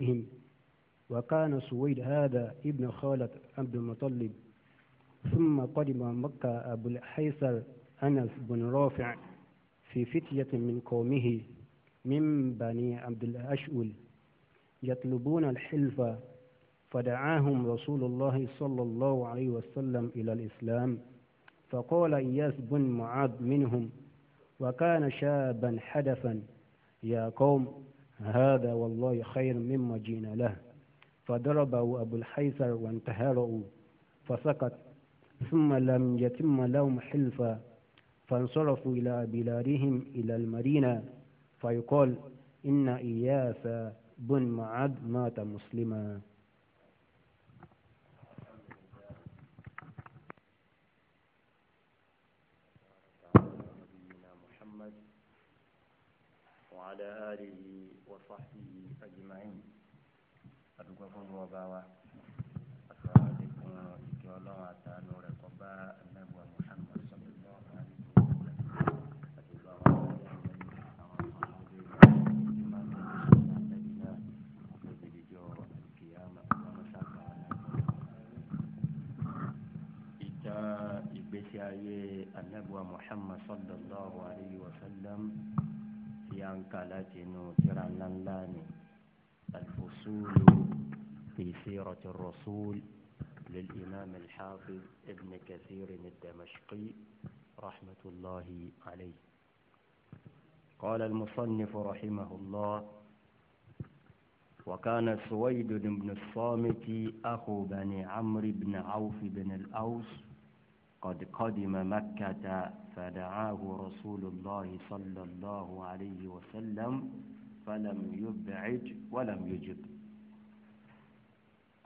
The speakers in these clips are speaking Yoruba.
بهم وكان سويد هذا ابن خالد عبد المطلب ثم قدم مكة أبو الحيثر أنس بن رافع في فتية من قومه من بني عبد الأشؤل يطلبون الحلف فدعاهم رسول الله صلى الله عليه وسلم إلى الإسلام فقال إياس بن معاذ منهم وكان شابا حدثا يا قوم هذا والله خير مما جينا له فضربه أبو الحيثر وانتهره فسكت ثم لم يتم لهم حلفا فانصرفوا إلى بلادهم إلى المدينة فيقال إن إياس بن معد مات مسلما وعلى آله dúpẹ́ fún wọn bá wa asalaamualeykum ìkẹ́ ọlọ́run àtàánú rẹ̀ kọ́ bá anábọ̀ muhammad sọ̀rọ̀ ìgbésí ayé anábọ̀ muhammad sallallahu alayhi wa sallam tí a ń kà láti inú tírà ńláńlá ni alfusulu. في سيرة الرسول للإمام الحافظ ابن كثير الدمشقي رحمة الله عليه قال المصنف رحمه الله وكان سويد بن الصامت أخو بني عمرو بن عوف بن الأوس قد قدم مكة فدعاه رسول الله صلى الله عليه وسلم فلم يبعج ولم يجب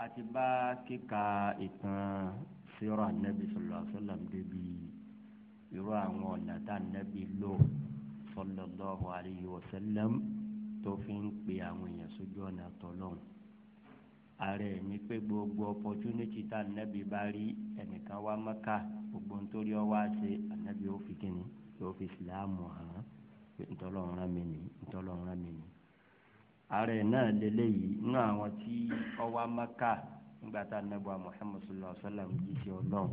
a ti bá kíka ìtàn síra nẹ́bí sallallahu alaihi wasallam débi irú àwọn ọ̀nà tá nẹ́bí lò sallallahu alaihi wasallam tó fi ń pe àwọn èèyàn sójú ọ̀nà tọ́lọ́hún ààrẹ ní pé gbogbo opportunity tá nẹ́bí bá rí ẹnìkan wá Mẹ́kà gbogbo nítorí ọwọ́ àṣẹ ànẹ́bí ó fi kíni yóò fi Ìsìlámù hàn ntọ́lọ́run rán mi nì ntọ́lọ́run rán mi nì ààrẹ náà lélẹ́yìí nínú àwọn tí ọwá maka nígbà tá a nẹ́bọ̀ Muhammad sallallahu alaihi wasallam jíjẹ́ ọlọ́run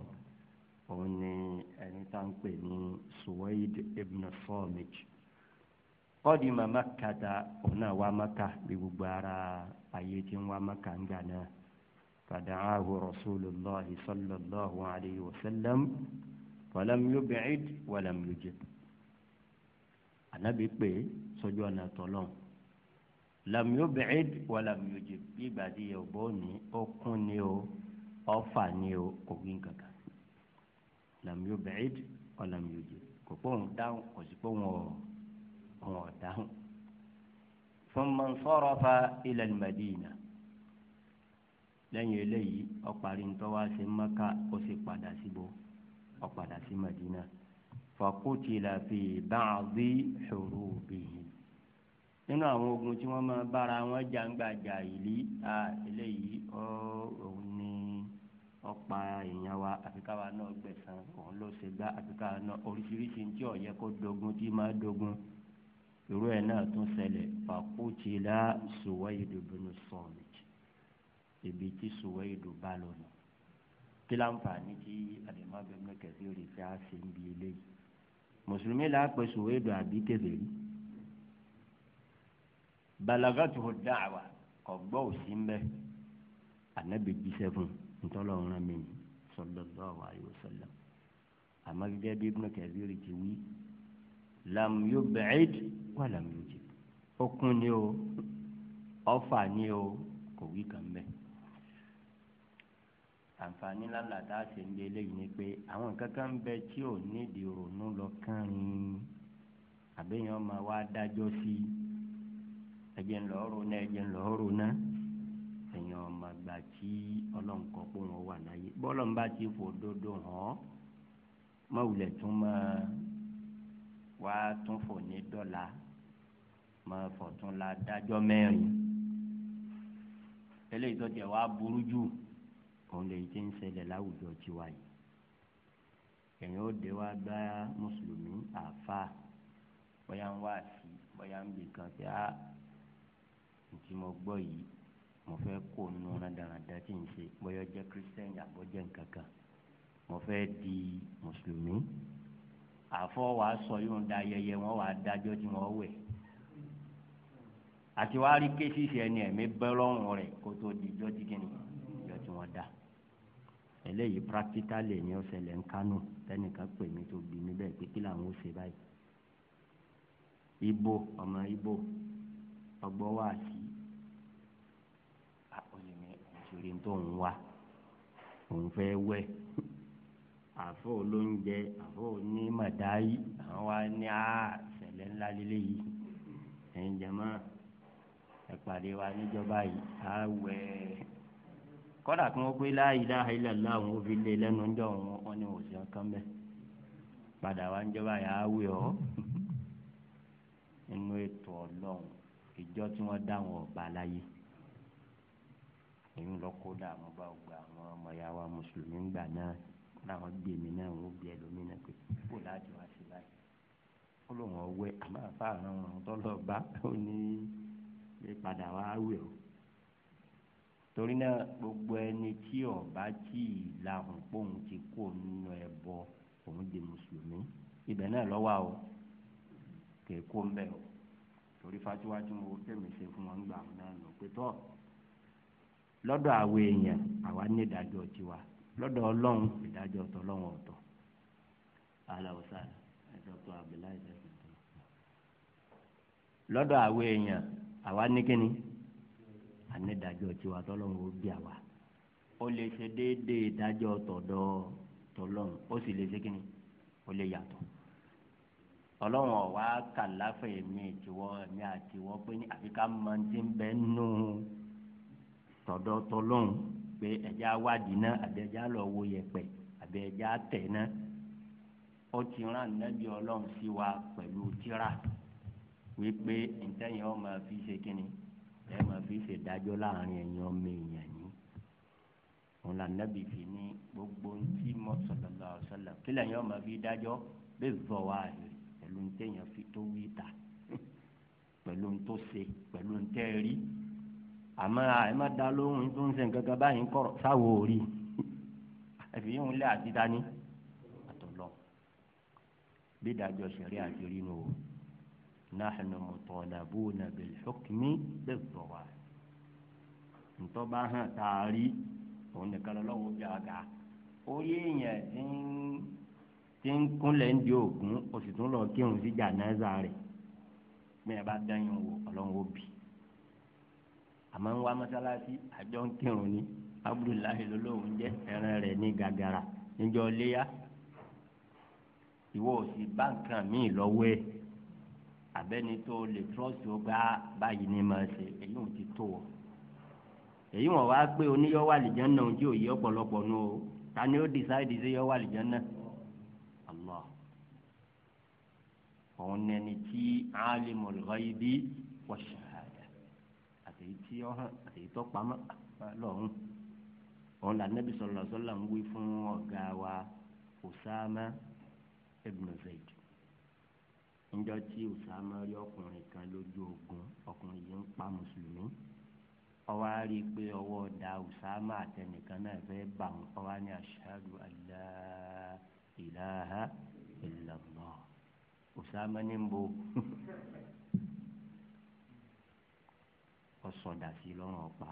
òun ni ẹni tá ń pè ní Suwaid ibn Samit qadima Makkata òun náà wá maka bí gbogbo ara ayé tí ń wá maka ń gbà náà fada'ahu Rasulullahi sallallahu alaihi wasallam falam yub'id walam yujib ànábì pé sójú ọ̀nà tọ́lọ́run lam yub'id wa lam yujib bí ìgbà tí yẹ bọ́ ni ó kún ni o ọ̀fà ni o kò gbé kankan lam yub'id wa lam yujib kò pé òun dáhùn kò sí pé òun ò dáhùn. thumma sarafa ila al-Madina lẹ́yìn eléyìí ọ̀parí ń tọ́wá sí maka ó sì padà síbo ọ̀padà sí Madina fa qutila fi ba'di hurubihim nínú àwọn ogun tí wọ́n máa bára wọn jàǹgbàjà ìlí à eléyìí òun ni ọ̀pá èèyàn wa àfikáwa náà gbẹ̀sán òun ló ṣe gbá àfikáwa náà oríṣiríṣi tí ó yẹ kó dogun tí máa dogun irú ẹ̀ náà tún ṣẹlẹ̀ fàkútìlá Suwaid bin Samit ibi tí Suwaid bá lọ nù kí láǹfààní tí àdèmọ́ bẹ́ẹ̀ mẹ́kẹ̀ẹ́ sí òrìṣà ṣe ń bi eléyìí mùsùlùmí làá pè Suwaid àbí kèfèrí balagatu da'wa kò gbọ́ òsì ń bẹ́ anabi jíṣẹ́ fún ntọ́lọ́ ọ̀ràn mi sallallahu alayhi wa sallam àmọ́ gẹ́gẹ́ bí ibùdó kẹ́sìrì ti wí lam yub'id wa lam yujib ó kún ni o ọ̀fà ni o kò wí kàn bẹ́ẹ̀ àǹfààní lálẹ́ àti àṣẹ ń délé yìí ni pé àwọn kankan bẹ tí ò nídìí ronú lọ kánrin àbẹ́yẹn ọmọ wa dájọ́ sí i ẹ̀jẹ̀ ńlọrọ̀ náà ẹ̀jẹ̀ ńlọrọ̀ náà èèyàn ọmọ àgbà tí ọlọ́run kọ pé wọn wà láyé bọ́lọ́n bá ti fò dodo hàn án mọ̀wùlẹ̀ tún máa wá tún fò ní dọ́là máa fọ̀tún la dájọ́ mẹ́rin eléyìí tó tiẹ̀ wá burú jù òun lè ti ń ṣẹlẹ̀ láwùjọ tiwa yìí èèyàn ó de wá gbá mùsùlùmí àáfàá bóyá ń wá sí bóyá ń bì kan pé á ah, ntí mo gbọ́ yìí mo fẹ́ kó nu rádaràda tí n ṣe bóyá jẹ́ kírísítẹ́nì àbọ̀jẹ́ nǹkan kan mo fẹ́ di mùsùlùmí àfọ wàá sọ yóò da ayẹyẹ wọn wàá dájọ́ tí wọ́n wẹ̀ àti wàá rí kéésì sí ẹni ẹ̀mí bẹ́ lọ́rùn rẹ̀ kó tó di ìjọ́ tí kìíní ìjọ́ tí wọ́n dá eléyìí practically ni ó ṣẹlẹ̀ ń kánú tẹnìkan pè mí tó bí mi bẹ́ẹ̀ pé làwọn ó ṣe báyìí ibo ọmọ ibo ọgbọ́ wá sí sì rí tó ń wá òun fẹ́ wẹ̀ àfọ olóúnjẹ àfọ ní màdáyì àwọn wa ní àṣẹlẹ ńlá lélẹyìí ẹ̀yin jẹmọ ẹ pàdé wa níjọba yìí á wẹ̀ kódà kí wọn pé láàyè láàyè làlá àwọn òbí lé lẹ́nu ńjọ wọn ni wọn ò sí ọkàn bẹ́ẹ̀ padà wá níjọba yìí á wẹ̀ ọ nínú ètò Ọlọ́run ìjọ tí wọn dá wọn ọba láyé èyí lọ kó dààmú bá gba àwọn ọmọ ya wa mùsùlùmí gbà náà láwọn bí èmi náà wọn bí ẹlòmíì náà pé kó láti wá sí báyìí ó lóun ọwẹ àmọ́ àfa àrùn ọrùn tọlọ bá ó ní lè padà wá wẹ o torí náà gbogbo ẹni tí ọba tí ì lahùn póun ti kó nínú ẹbọ òun di mùsùlùmí ibẹ̀ náà lọ wà o kè kó ń bẹ o torí fatiwa tí mo tẹ̀mí ṣe fún wọn gbà wọn náà lọ pé tọ́ lọ́dọ̀ àwọn èèyàn àwa ní ìdájọ́ tiwa lọ́dọ̀ ọlọ́run ìdájọ́ tọlọ́run ọ̀tọ̀ aláwùsá dr abdullahi lọ́dọ̀ àwọn èèyàn àwa ní kíni àní ìdájọ́ tiwa tọlọ́run ó bí àwa ó lè ṣe déédéé ìdájọ́ tọ̀dọ̀ tọlọ́run ó sì lè ṣe kíni ó lè yàtọ̀ ọlọ́run ọ̀wá kàláfẹ̀ẹ́ mi ìtiwọ́ mi àtiwọ́ pé ní àfi ká máa ti bẹ́ẹ̀ nù. No tọ̀dọ̀ tọlọ́hún pé ẹ̀já wádìí náà àbẹ̀já lọ wo yẹ̀pẹ̀ àbẹ̀já tẹ̀ náà ó ti rán ànábì ọlọ́run sí wa pẹ̀lú tírà wípé ntẹ́yìn ọ fi ṣe kínni ẹ máa fi ṣe dájọ́ láàrin ẹ̀yin ọmọ èèyàn ni òun là nábì fi ní gbogbo ntí mọ sọlọlọ sọlọ kí lẹ́yìn ọ fi dájọ́ bẹ́ẹ̀ zọ wa rẹ̀ pẹ̀lú ntẹ́yìn fi tó wí ta pẹ̀lú ntó ṣe pẹ̀lú ntẹ́ rí àmọ́ ẹ má da lóhùn tó ń ṣe nǹkan kan báyìí ń kọ̀rọ̀ sáwọ orí ẹ̀fì yìí ń lé àdídá ní àtọ̀lọ́ bí ìdájọ́ sẹ̀rí àti rínú o nahnu mutalabuna bil hukmi bid-dawah ntọ́ bá hàn tá a rí òun nìkan lọ́wọ́ bí a gà orí èèyàn ti ń ti ń kúnlẹ̀ ń di òògùn oṣù tó ń lọ kírun sí jàǹdà rẹ̀ bí ẹ bá dẹ́yìn wò ọlọ́run ó àmọ́ ń wá mọ́sálásí àjọ ń kírun ni abdullahi lolóhùn jẹ́ ẹran rẹ̀ ní gàgàrà níjọ́ léyà ìwọ òsì báńkà míì lọ́wọ́ ẹ̀ abẹ́ni tó lè trọ́ọ̀sì ó gbá báyìí ní máa ṣe èyí ò ti tó o èyí wọn wá pé oníyọ́wọ́ àlìjánnà ojú òye ọ̀pọ̀lọpọ̀ nù o ta ni ó dìsáìdì sí yọ́wọ́ àlìjánnà Allah òun nẹni tí alimul ghaibi wa shahada èyí tí ó hàn àtèyí tó pamọ́ lọ́rùn òun là nẹ́bí sallallahu alaihi ń wí fún ọ̀gá wa Usama ibn Zaid níjọ́ tí Usama rí ọkùnrin kan lójú ogun ọkùnrin yìí ń pa mùsùlùmí ó wá rí i pé ọwọ́ da Usama àtẹnìkan náà fẹ́ bà wọn ó wá ní ashhadu an la ilaha illallah Usama ní ń bo ọsọdà sí lọ́rùn ọ̀pá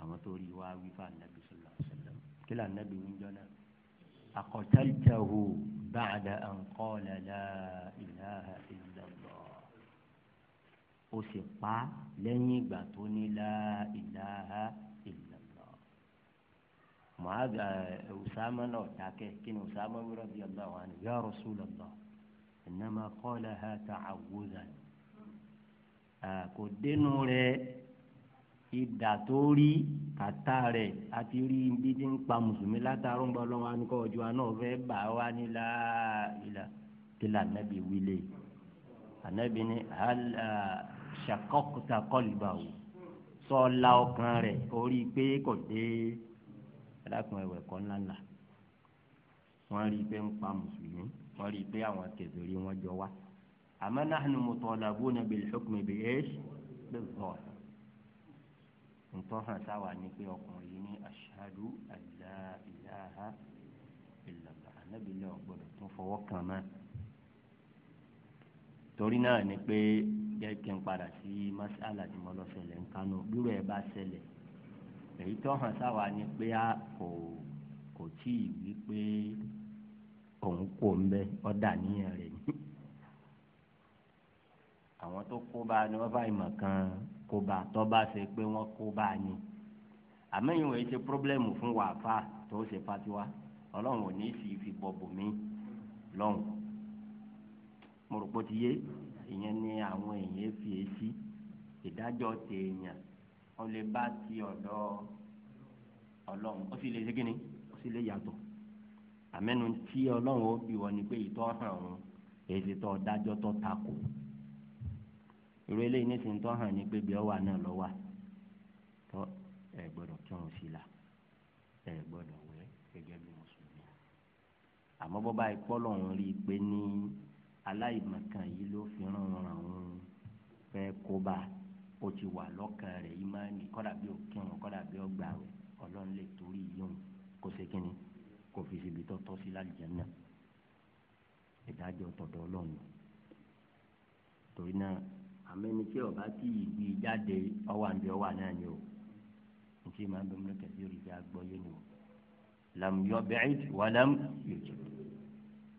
àwọn tó rí wá wí fún anabi sọlá sọlá kí lóò anabi wí jọ náà akọtẹlitẹhu báàdà ànkọlẹlẹ ìlàhà ìlàlọ ó sì pa lẹ́yìn ìgbà tó ní la ìlàhà ìlàlọ muhaga ẹ usama náà dákẹ́ kí ni usama wúrọ bí ọlọ́run àná ya rasulallah tà ta'awudan. kò dénú rẹ ìdà tó rí kàtà rẹ àti rí ibi tí ń pa mùsùlùmí látàrú ń bọ lọ́wọ́ àníkọ ọjọ́ àná ọ̀fẹ́ bà wá nílá ìlà kílà nàbì wílé ànábì ní ṣàkókòtà kọlìbàwò sọlá ọkàn rẹ orí pé kò dé ẹlẹ́kùn ẹ̀wẹ̀ kọ́ ńláńlá wọ́n rí i pé ń pa mùsùlùmí wọ́n rí i pé àwọn kèfèrí wọn jọ wá. أما نحن مطالبون بالحكم بإيش بالظاهر؟ ish bi zahir ntọ́ hàn sáwà ní pé ọkùnrin yìí ní ashhadu an la ilaha illallah anábìlẹ̀ ọ̀gbọ́dọ̀ tún fọwọ́ kàn mọ́ torí náà ni pé jẹ́ kí n padà sí mas'ala tí mo lọ ṣẹlẹ̀ ń kánú bírò ẹ̀ bá ṣẹlẹ̀ èyí tó hàn sáwà ni pé a kò kò tí wí pé òun kò ń bẹ ọ̀dà níyàn rẹ̀ ni àwọn tó kó bá ni wọ́n bá ìmọ̀ kan kó bá ṣe pé wọ́n kó ni àmọ́ ìwé ṣe pírọ́blẹ́mù fún wàáfà tó ṣe fatiwa ọlọ́run ò ní fi fi bọ̀bù mí lọ́hùn mo rò pé ó ti yé ìyẹn ni àwọn èèyàn fi èsì ìdájọ́ tèèyàn ó lè bá ti ọ̀dọ̀ ọlọ́run ó sì lè ṣe kínní ó sì lè yàtọ̀ àmẹ́nu tí ọlọ́run ó bí wọn ni pé ìtọ́ hàn òun èyí ti tọ́ dájọ́ tọ́ takò irú eléyìí nísìnyí tó hàn ní pé bí ọwà náà lọ wà tó ẹ gbọ́dọ̀ kírun sí la ẹ gbọ́dọ̀ wẹ gẹ́gẹ́ bí mùsùlùmí àmọ́ bọba ìpọlọ ń rí i pé ní aláìmọ̀kan yìí ló fi ràn ràn òun fẹ́ kóbá ó ti wà lọ́kàn rẹ̀ yìí máa ní kódà bí ó kírun kódà bí ó gbà Ọlọ́run lè torí yíyún kó ṣe kínní kò fi síbi tó tọ́ sí lálùjánnà ìdájọ́ tọ̀dọ̀ Ọlọ́run torí náà àmẹ́ni tí ọba tí ìgbì jáde ọwà ń bẹ ọwà náà ni o nítí màá bẹ múlẹ̀ kẹsí òrìṣà gbọ́ yé ni o làmúyọ bẹ́ẹ̀ wà lám yòjì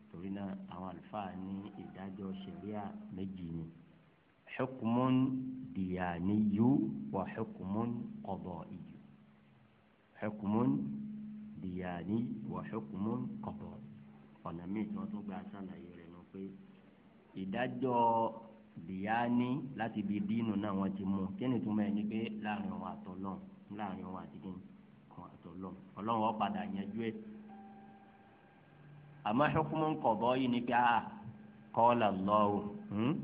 torí náà àwọn àlùfáà ní ìdájọ́ ṣẹ̀ríà méjì ni xukumun diyaniyu wa xukumun qadaiyu xukumun diyani wa xukumun qadaiyu ọ̀nà míì tí wọ́n tún gba àṣàlàyé rẹ̀ nù pé ìdájọ́ dìyání láti ibi dínú náà wọ́n ti mú kí ni túmọ̀ ẹ̀ ní pé láàrin wọn àtọ̀lọ́ láàrin wọn àti kí wọn àtọ̀lọ́ ọlọ́run wọn padà yanjú ẹ̀ àmọ́ yìí ni pé a hmm?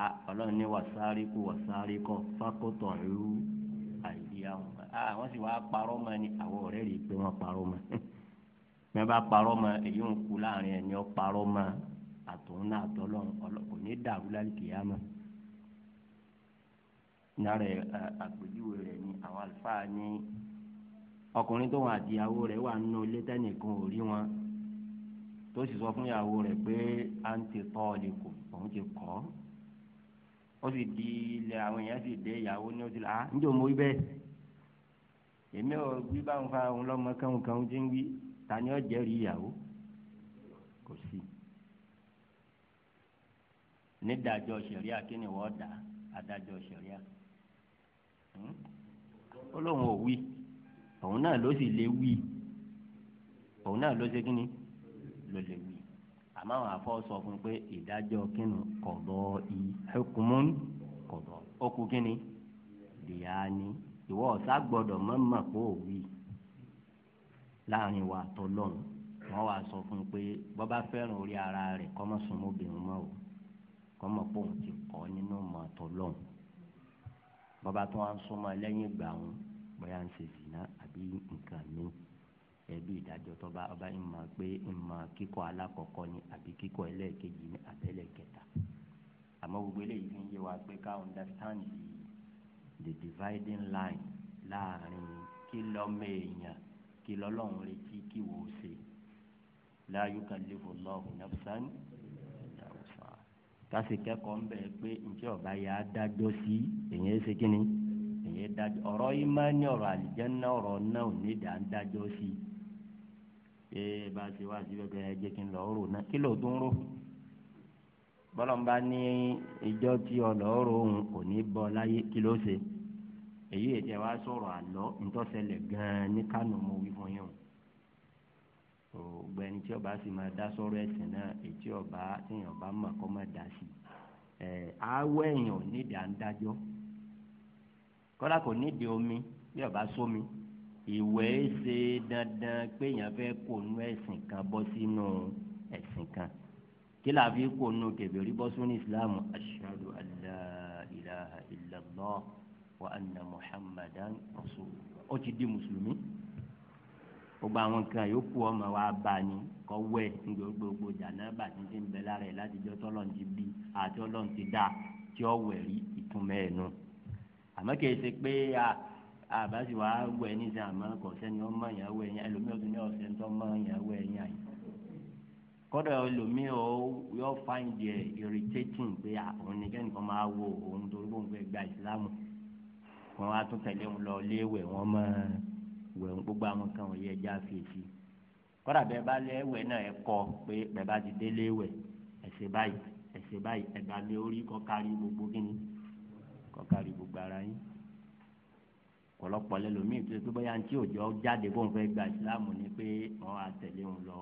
a ọlọ́run ní wasariqu wasariqu faqta'u aydiyahum a wọ́n sì parọ́ mọ́ ni àwọn ọ̀rẹ́ pé wọ́n parọ́ mọ́ bá parọ́ mọ́ èyí ń kú láàrin ẹ̀ parọ́ mọ́ àtòun náà àtọ́lọ́run ọlọ́kùnrin ní dàrú lálùkìyàmọ́ nàrẹ àpèjúwe rẹ ni àwọn àlùfáà ní ọkùnrin tó wọn àtìyàwó rẹ wà nínú ilé tẹnìkan ò rí wọn tó sì sọ fún ìyàwó rẹ pé à ń ti tọ́ ọ lè kù òun ti kọ́ ó sì di ilẹ̀ àwọn èèyàn sì dé ìyàwó ní ó ti ń jò mọ́ ibẹ̀ èmi ò gbí báwọn fa òun lọ́mọ káwọn ń wí ta ni ó jẹ́rìí ìyàwó kò sí nídàájọ́ sẹ̀ríà kí ni wọ́n dà adájọ́ sẹ̀ríà hmm? ó lóun ò wí òun náà ló sì lè wí òun náà ló ṣe kí ni ló lè wí àmọ́ àwọn afọ́ sọ fún pé ìdájọ́ kínú kọ̀dọ̀ i ẹkùnmọ́n kọ̀dọ̀ ọkù kínní dìyà ni ìwọ ọ̀sá gbọ́dọ̀ mọ́mọ́ kó o wí láàrin wa tọ́lọ́run wọ́n wá sọ fún un pé bọ́bá fẹ́ràn orí ara rẹ̀ kọ́mọ́sùn mọ́bìnrin mọ́ o kọ́mọ pé òun ti kọ́ nínú ọmọ tó lọ́hùn bàbá tó wá ń súnmọ́ lẹ́yìn ìgbà òun bóyá ń ṣe zìnà àbí nǹkan mi ẹbí ìdájọ́ tó bá ọba ń mọ̀ pé ń mọ̀ kíkọ́ alákọ̀ọ́kọ́ ni àbí kíkọ́ ẹlẹ́ẹ̀kejì ni àbẹ́lẹ̀kẹta àmọ́ gbogbo eléyìí fi ń yé wa pé ká understand the dividing line láàrin kí lọ́mọ èèyàn kí lọ́lọ́run retí kí wò ó ṣe la yukallifu Allahu nafsan kasi kẹ́kọ̀ọ́ ń bẹ pé njẹ́ ọba yà á dájọ́ sí èyàn ẹsẹ kínní èyàn dájọ́ ọ̀rọ̀ yìí máa ní ọ̀rọ̀ àlìjẹnà ọ̀rọ̀ náà ò ní dà ń dájọ́ sí pé bá a ṣe wá sí bẹbẹ ẹ kí n lọ rò náà kí ló tó rò bọlọmọba ní ìjọ tí ọlọ rò òun kò ní bọ láyé kí ló ṣe èyí ètò wá sọ̀rọ̀ àlọ ntọ́sẹ̀lẹ̀ gan-an ní kánò mo wí fún yín o gbogbo ẹni tí ọba sì máa dá sọ̀rọ̀ ẹ̀sìn náà ètí ọba téèyàn bá mọ̀ kọ́ máa dá sí ẹ̀ awọ ẹ̀yàn nídìí à ń dájọ́ kọ́lá kò nídìí omi bí ọba sómi ìwẹ̀ ẹ́ e ṣe dandan péèyàn fẹ́ kó nu ẹ̀sìn kan bọ́ sínú ẹ̀sìn kan kí la fi kó nu kẹfẹ́rí bọ́ sínú Islam ashhadu an la wa anna muhammadan rasul ó ti di mùsùlùmí gbogbo àwọn nǹkan yòókù ọmọ wa bá ní kọ wẹ gbogbo jàǹdàbà tí ti ń bẹ lára ẹ látijọ́ tọ́lọ́n ti bí àti ọlọ́run ti dá tí ó wẹ̀ rí ìtumọ̀ ẹ̀ nù. àmọ́ kìí ṣe pé àbá sì wàá wẹ̀ níṣẹ́ àmọ́ kò sẹ́ni ọmọ yẹn wẹ̀ yẹn ẹlòmíì ọdún ní ọ̀sẹ̀ tó ọmọ yẹn wẹ̀ yẹn àyè. kọ́dọ̀ ẹlòmíì ọ yóò find ẹ̀ irritating pé òun ni kẹ́nìkan máa wo òun torí bóun fẹ́ gba ìsìlámù wọn á tún tẹ̀lé òun lọ léèwẹ̀ wọn máa wẹ̀ ń gbogbo àwọn kan wọ̀nyí ẹja fèsì kọ́dà bẹ́ẹ̀ bá lé ẹwẹ̀ náà ẹ kọ́ pé bẹ́ẹ̀ bá ti délé wẹ̀ ẹ̀sẹ̀ báyìí ẹ̀sẹ̀ báyìí ẹ̀gbà lé orí kọ́ kárí gbogbo kíni kọ́ kárí gbogbo ara yín pọ̀lọpọ̀ lẹ́lòmíì tó tó bóyá ntí òjò jáde bóun fẹ́ gba ìsìláàmù ni pé wọ́n á tẹ̀lé òun lọ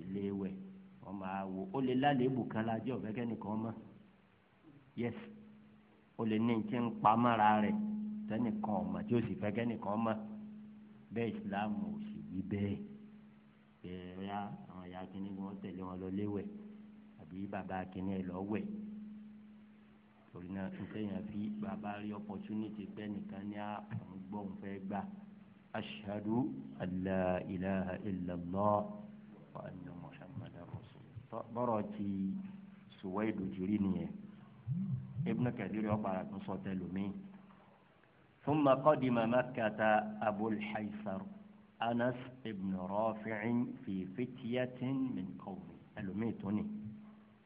ilé wẹ̀ wọ́n máa wò ó lè lálébù kan lájọ́ fẹ́kẹ́ nìkan mọ̀ yes ó lè ní ntí ń pa mọ́ra rẹ̀ tẹ́nìkan ọ̀mọ̀ tí ó sì fẹ́kẹ́ nìkan mọ̀ bẹ́ẹ̀ ìsìláàmù ò sì wí bẹ́ẹ̀ bẹ́ẹ̀ àwọn ìyá kínní wọn tẹ̀lé wọn lọ léwẹ̀ àbí bàbá kínní ẹ̀ lọ́wẹ̀ torí náà ntẹ̀yìn fi bàbá rí opportunity pé nìkan ní àwọn gbọ́ òun fẹ́ gbà ashhadu an la ilaha illallah wa anna bọ́rọ̀ ti sùwẹ́ ìdòjìrì nìyẹn ibùdókè lórí ọ̀pára tó sọ ثم قدم مكة أبو الحيثر أنس بن رافع في فتية من قومه ẹlòmíì tó ní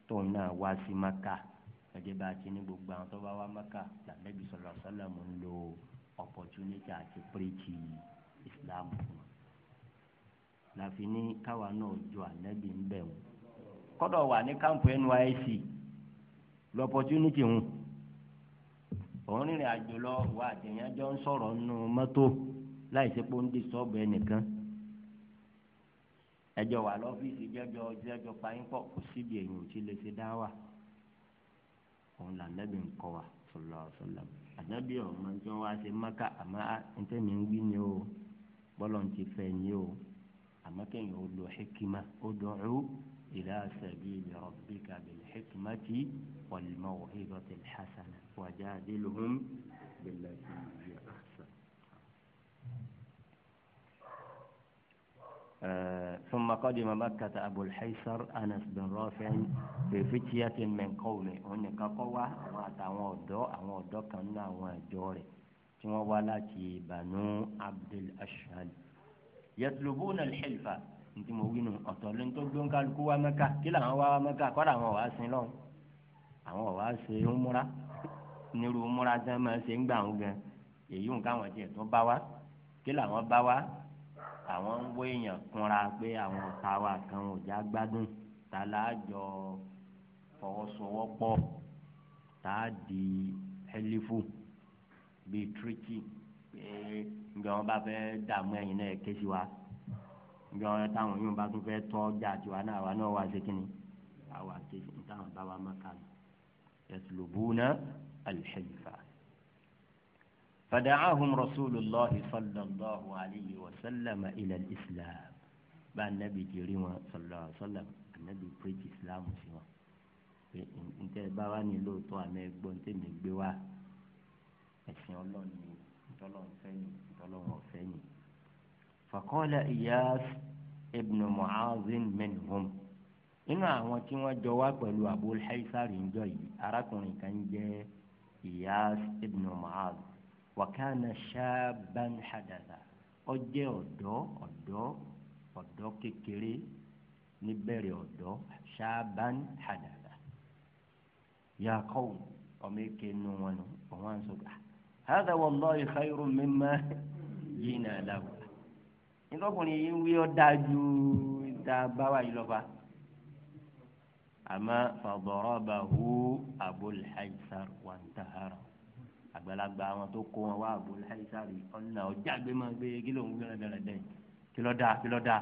tóun náà wá sí maka gẹ́gẹ́ bá a ti ní gbogbo àwọn tó bá wá maka lànàbí sọlọ sọlọmù ń lo opportunity àti píríkì islam fún un láfi ní káwa náà jọ ànàbí ń bẹ̀ wọn kọ́dọ̀ wà ní kámpù nysc lọ́pọ̀tunity wọn òun rìnrìn àjò lọ wà àtẹ̀yìn jọ ń sọ̀rọ̀ nù mọ́tò láì ṣe pé ó ń di sọ́ọ̀bù ẹnìkan ẹjọ wà lọ́fíìsì jẹjọ jẹjọ pàyínpọ̀ kò síbi èyàn ò ti lè ṣe dá wà òun là nẹ́bí ń kọ́ wa sọlọ sọlọ ànábì ọ̀hún tí wọ́n wá ṣe mọ́kà àmọ́ ntẹ́mi ń wí ni o bọ́lọ̀ ń ti fẹ́ ni o àmọ́ kéèyàn ó lo hikima ó dọ̀ọ́ ila sabili rabbika bil hikmati. والموعظة الحسنة وجادلهم بالتي هي أحسن ثم قدم مكة أبو الحيسر أنس بن رافع في فتية من قومه هناك قوة وأتعوان دو أعوان دو كان أعوان جوري ثم ولاتي بنو عبد الأشهد يطلبون الحلفة أنت مبين أطلن تبدون كالكوة مكة كلا هو مكة كلا هو أسنلون àwọn ọ̀wá ṣe ń múra nírú múra tí wọ́n máa ṣe ń gbà ń gan èyí ń káwọn tiẹ̀ tó bá wá kí làwọn bá wá àwọn ń wé èèyàn kúnra pé àwọn ọ̀tá wa kan ò já gbádùn ta láàjọ fọwọ́sowọ́pọ̀ tá a di ẹlífù bíi tiriki pé ǹjọ́ wọn bá fẹ́ dààmú ẹ̀yin náà ké sí wa ǹjọ́ wọn táwọn yóò bá tún fẹ́ tọ́ ọjà tiwa náà àwa náà wá sí kínní àwa ké sí ní táwọn bá wa má kánú yatlubuna al-hilfa. fada'ahum rasulillah sallallahu alayhi wa sallam ila islam bá anabi jẹ́rìí wọn sallallahu alayhi wa sallam anabi preach islam sí wọn pé ntẹ báwa ni lóòótọ́ àmọ́ ẹgbọ́n ntẹ̀mí gbé wa ẹ̀sìn ọlọ́ọ̀ni ntọ́lọ́ọ̀ fẹ́yìn ntọ́lọ́ọ̀ fẹ́yìn. فقال إياس ابن معاذ منهم nínú àwọn tí wọ́n jọ wá pẹ̀lú abul haisari ń jọ yìí arákùnrin kan jẹ́ iyas ibn mu'az wakana shaban hadada ó jẹ́ ọ̀dọ́ ọ̀dọ́ ọ̀dọ́ kékeré níbẹ̀rẹ̀ ọ̀dọ́ shaban hadada yaakov ọmọ eke nu wọn nu òun à ń sọgbà ah, hada wallahi khairu mimma yìí nà lábà nítorí yìí ń wí ọ́ dájú ìta báwa yìí lọ́ba àmọ́ fàbọ̀rọ̀bàhù abulhaisar الحيثر ń tahara àgbàlagbà àwọn tó kó wọn wá abulhaisar ọ̀nà ọjà gbẹ́mọ̀ gbé kí ló ń gbé rẹ̀dẹ̀rẹ̀dẹ̀ kí ló dáa kí ló dáa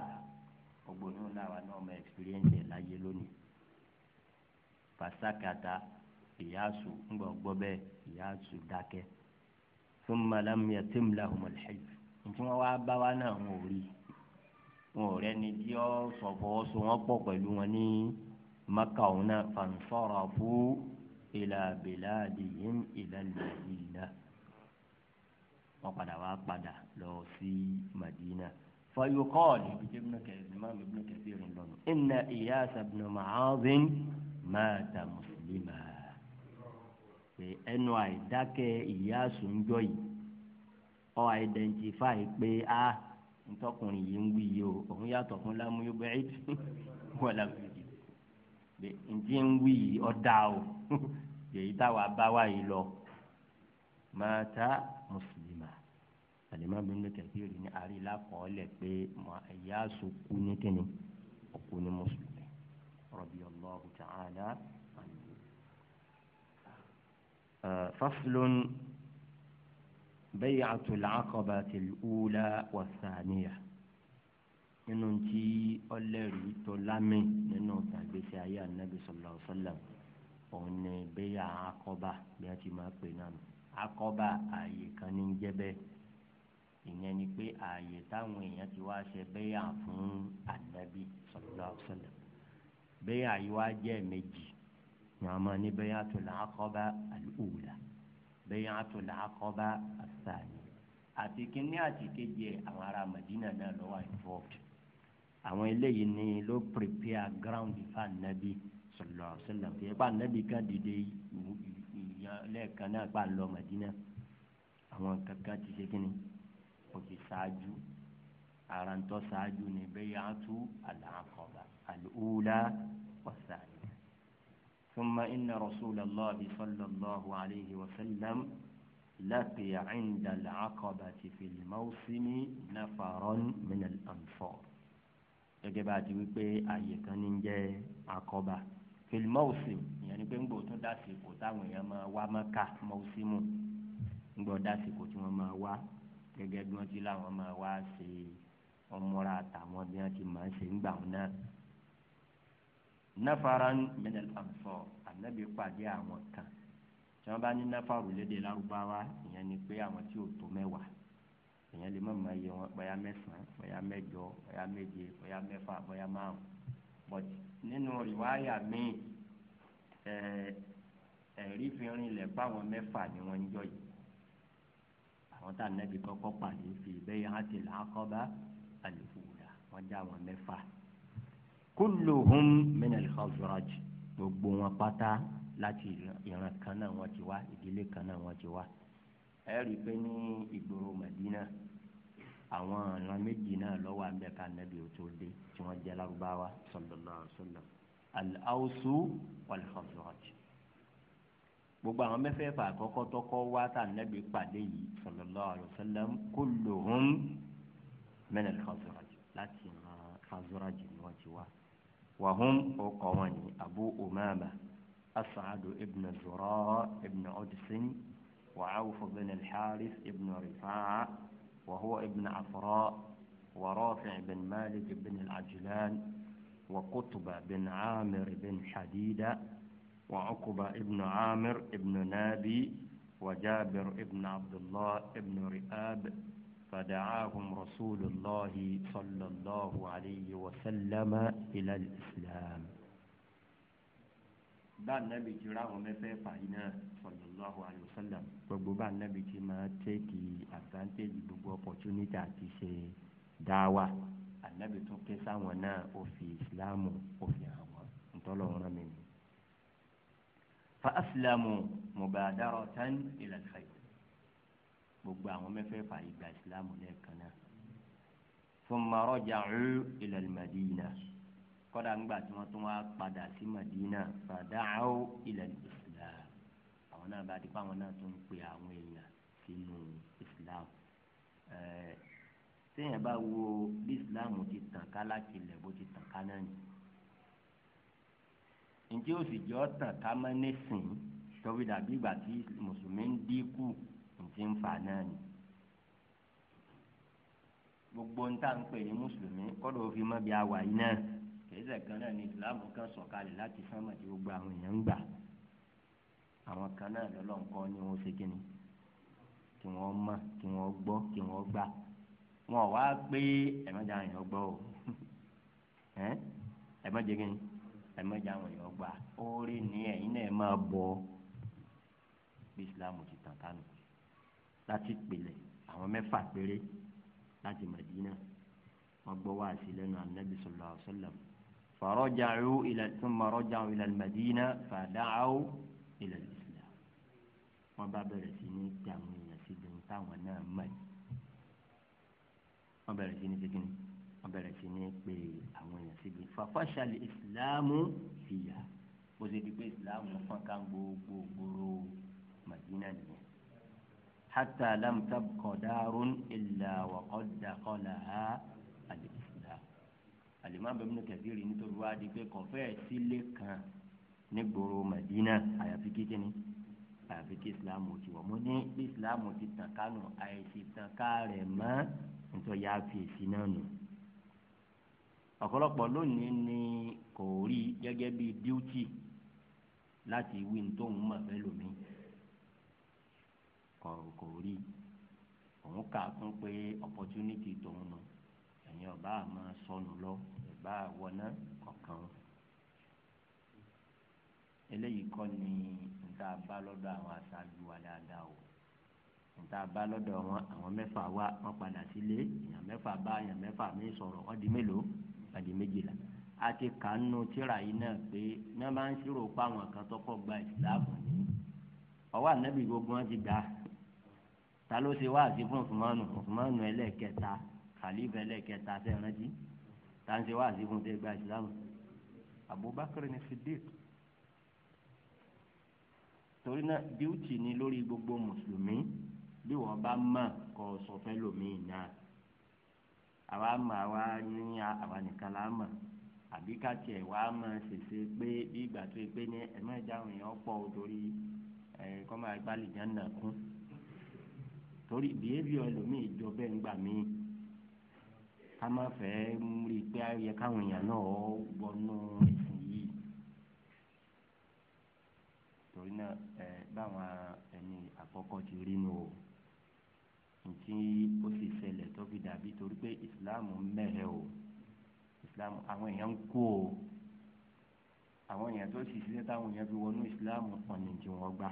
gbogbo ní wọn làwọn náà mọ ẹ̀xpíríẹ́ǹsì ẹ̀ láyé lónìí fasakata ìyáàsù ńgbọ̀ gbọ́ bẹ́ẹ̀ ìyáàsù dákẹ́ fún malamia tí mo la hùmọ̀ wọn wá bá wa náà wọn ò rí wọn ò rẹ́ni tí ó sọ wọn pẹ̀lú wọn ní maka òun náà fanṣarafu ila biladihim ila al-Madina wọ́n padà wá padà lọ sí Madina fayuqalu ibi ibn Kathir imam ibn Kathir rìn lọ́nà inna Iyas ibn Mu'adh mata muslima pé ẹnu àìdákẹ́ Iyasu ń yìí ọ àìdẹ́ntifáì pé a ah, ntọkùnrin yìí ń wí yìí o òun yàtọ̀ fún lámúyọ́ wọ́n làbí ǹjẹ́ ń wí yìí ọ̀dà o èyí táwa bá wà yìí lọ máa ta mùsùlùmá àlèmọ́ mi ní kẹ̀kẹ́rì ní àríyá kọ́ọ́lẹ̀ pé ìyá àsokú ní kíni òkú ní mùsùlùmí radiyallahu ta'ala anhu. faslun bay'atul aqabati al-ula wa thaniya nínú tí ọlẹ́rìí tó lámì nínú tàgbésí ayé anabi sallallahu alaihi wasallam òun ni bẹ́yà akọba bí a ti máa pè náà nù akọba ààyè kan ní jẹ́bẹ́ ìyẹn ni pé ààyè táwọn èèyàn ti wá ṣe bẹ́yà fún anabi sallallahu alaihi wasallam bẹ́yà yìí wá jẹ́ méjì ni a máa ní bẹ́yà tó lè akọba al bẹ́yà tó lè akọba al àti kínní àti kejì àwọn ará Madina náà lọ́wọ́ involved àwọn eléyìí ni ló prepare ground fa nàbí sọlọ sọlọ fi ẹ pa nàbí kan dìde ìyá lẹ́ẹ̀kan náà pa lọ Mẹdínà àwọn kankan ti ṣe kínní kò ti ṣáájú ara ń tọ́ ṣáájú ni bẹ́ẹ̀ yà á tú àlàkọ̀ọ́bà àlùhùlà ọ̀sán. ثم إن رسول الله صلى الله عليه وسلم لقي عند العقبة في الموسم نفرا من الأنصار gẹ́gẹ́ bá a ti wí pé àyè kan ní jẹ́ àkọ́bà filimọ́ọ̀sì ìyẹn ni pé ń gbò tó dásìkò táwọn èèyàn máa wá mọ́ká mọ́ọ̀símù ń gbọ́ dásìkò tí wọ́n máa wá gẹ́gẹ́ bí wọ́n ti láwọn máa wá ṣe ọmọra àtàwọn bí wọ́n ti máa ṣe ń gbà wọn náà. nafaran minal ansar ànábì pàdé àwọn kan tí wọ́n bá ní nafaru lédè lárúbáwá ìyẹn ni pé àwọn tí ò tó mẹ́wàá èèyàn lè má mọ iye wọn bóyá mẹ́sàn-án bóyá mẹ́jọ bóyá méje bóyá mẹ́fà bóyá márùn but nínú ìwáyà míì ẹ̀rí fi rinlẹ̀ báwọn mẹ́fà ni wọ́n ń jọ yìí àwọn tá nẹ́bi kọ́kọ́ pàdé fi ìbẹ́yẹ àti làákọ́bá àlùfùwà wọ́n já wọn mẹ́fà kulluhum min al-Khazraj gbogbo wọn pátá láti ìran kan náà wọ́n ti wá ìdílé kan náà wọ́n ti wá ẹ rí i pé ní ìgboro Madina àwọn ọ̀ràn méjì náà lọ́wọ́ abẹ́ka nàbí òtún dé tí wọ́n jẹ́ lárúbáwá sallallahu alaihi wasallam al-Awsu wal-Khazraj gbogbo àwọn mẹ́fẹ̀ẹ̀fà àkọ́kọ́ tọ́kọ́ wá tá pàdé yìí sallallahu alaihi wasallam kulluhum min al láti ran Khazraj ni ti wá wàhùn ọkọ̀ wọn ni Abu Umama As'ad ibn Zura ibn Udsin وعوف بن الحارث بن رفاعة وهو ابن عفراء ورافع بن مالك بن العجلان وقطبة بن عامر بن حديدة وعقبة بن عامر بن نابي وجابر بن عبد الله بن رئاب فدعاهم رسول الله صلى الله عليه وسلم إلى الإسلام bá nàbì ti ráwọn mẹ́fẹ̀ẹ̀fà yìí náà sallallahu alaihi wasallam gbogbo bá nàbì ti máa tẹ́kì advantage gbogbo opportunity àti ṣe dáwà ànàbì tún ké sáwọn náà ó fi ìsìláàmù ó fi hàn wọ́n ntọ́lọ́run mi ni. fa aslamu mubadaratan ila al gbogbo àwọn mẹ́fẹ̀ẹ̀fà yìí gba ìsìláàmù lẹ́ẹ̀kan náà thumma raja'u ila al-madina kọ́dà ńgbà tí wọ́n tún wá padà sí Madina fàdáhàó ilẹ̀ Islam àwọn náà bá di pa àwọn náà tún ń pe àwọn èèyàn sínú Islam téèyàn bá wo bí Islam ti tàn ká láti ilẹ̀ bó ti tàn ká náà ni ǹjẹ́ ó sì jọ tàn ká mọ́ nísìnyí tọ́wé dàbí ìgbà tí mùsùlùmí ń dínkù ǹjẹ́ ń fà náà ni gbogbo ń tà ń pè ní mùsùlùmí kọ́dọ̀ òfin mọ́ bí a wà yìí náà kèésì kan náà ní ìsìláàmù kan sọ̀kalẹ̀ láti sánmà tí gbogbo àwọn èèyàn ń gbà àwọn kan náà lọ́lọ́nkọ́ ni wọ́n ṣe kíni kí wọ́n mọ̀ kí wọ́n gbọ́ kí wọ́n gbà wọn wá pé ẹ̀mẹ́jà èèyàn gbọ́ o ẹ̀mẹ́jà kíni ẹ̀mẹ́jà àwọn èèyàn gbà ó rí ní ẹ̀yìn náà máa bọ̀ bí ìsìláàmù ti tàn kánú láti pèlè àwọn mẹ́fà péré láti Mẹdínà wọ́n gbọ́ wá sí lẹ́nu anabi sallallahu alaihi wasallam فرجعوا إلى ثم رجعوا إلى المدينة فدعوا إلى الإسلام wọ́n bá bẹ̀rẹ̀ sí ní ti àwọn èèyàn síbi táwọn náà mọ̀ yìí wọ́n bẹ̀rẹ̀ sí ní síbi wọ́n bẹ̀rẹ̀ sí ní pé àwọn èèyàn síbi fàfàṣàlì ìsìláàmù fìyà bó ṣe di pé ìsìláàmù fọ́n ká gbogbo gbòòrò màdínà nìyẹn. حتى لم تبق دار إلا وقد دخلها alimami bẹ́ẹ̀ mi kẹ̀sí rí nítorí wá di pé kọ̀fẹ́ sílé kan nígboro Madina àyàfi kékeré àyàfi kí Islam ti wọ̀ mo ní bí Islam ti tàn kánò àìsí tàn ká rẹ̀ mọ́ nítorí yá fi èsì náà nù. ọ̀pọ̀lọpọ̀ lónìí ni kò rí gẹ́gẹ́ bí díútì láti wí tóun mọ̀ fẹ́ lómi kò kò rí òun kà á kún pé opportunity tóun nù ẹ̀yin ọba àmọ́ sọnù lọ́wọ́ bá wọná kọ̀ọ̀kan eléyìí kọ́ ni níta bá lọ́dọ̀ àwọn aṣáájú wa dáadáa o níta bá lọ́dọ̀ wọn àwọn mẹ́fà wá wọn padà sílé èèyàn mẹ́fà bá èèyàn mẹ́fà mi sọ̀rọ̀ wọ́n di mélòó wọ́n di méjìlá a ti kà ń nu tíra yìí náà pé náà máa ń ṣírò pa àwọn kan tọ́kọ̀ gba ìsìláàmù ní ọwọ́ ànábì gbogbo wọn ti gbà á ta ló ṣe wá àti fún òfúmánù òfúmánù ẹlẹ́ẹ̀kẹta khalifa ẹlẹ́ẹ̀kẹta fẹ́ràn jí tá n ṣe wá àzígun tẹ gba ìsìlámù Abubakar ni Siddiq torí náà díùtì ni lórí gbogbo mùsùlùmí bí wọn bá mọ kọ sọfẹ lòmíì náà àwa mọ àwa ní àwa nìkan la mọ àbí ká tiẹ̀ wá mọ ṣèṣe pé bí ìgbà tó yẹ pé ní ẹ̀mọ́ ìjà àwọn èèyàn pọ̀ torí ẹ̀ kọ́ máa gbálẹ̀ jẹ́ nà kún torí bìhévíọ̀ lòmíì jọ bẹ́ẹ̀ ń gbà míì ká má fẹ́ rí i pé ayẹ káwọn èèyàn náà wọnú ẹ̀sìn yìí torí náà ẹ báwọn ẹni àkọ́kọ́ ti rí nu o ntí ó sì ṣẹlẹ̀ tó fi dàbí torí pé ìsìláàmù mẹ́rẹ̀ o ìsìláàmù àwọn èèyàn ń kú o àwọn èèyàn tó sì sílẹ̀ táwọn èèyàn fi wọnú ìsìláàmù ọ̀nìjì wọn gbà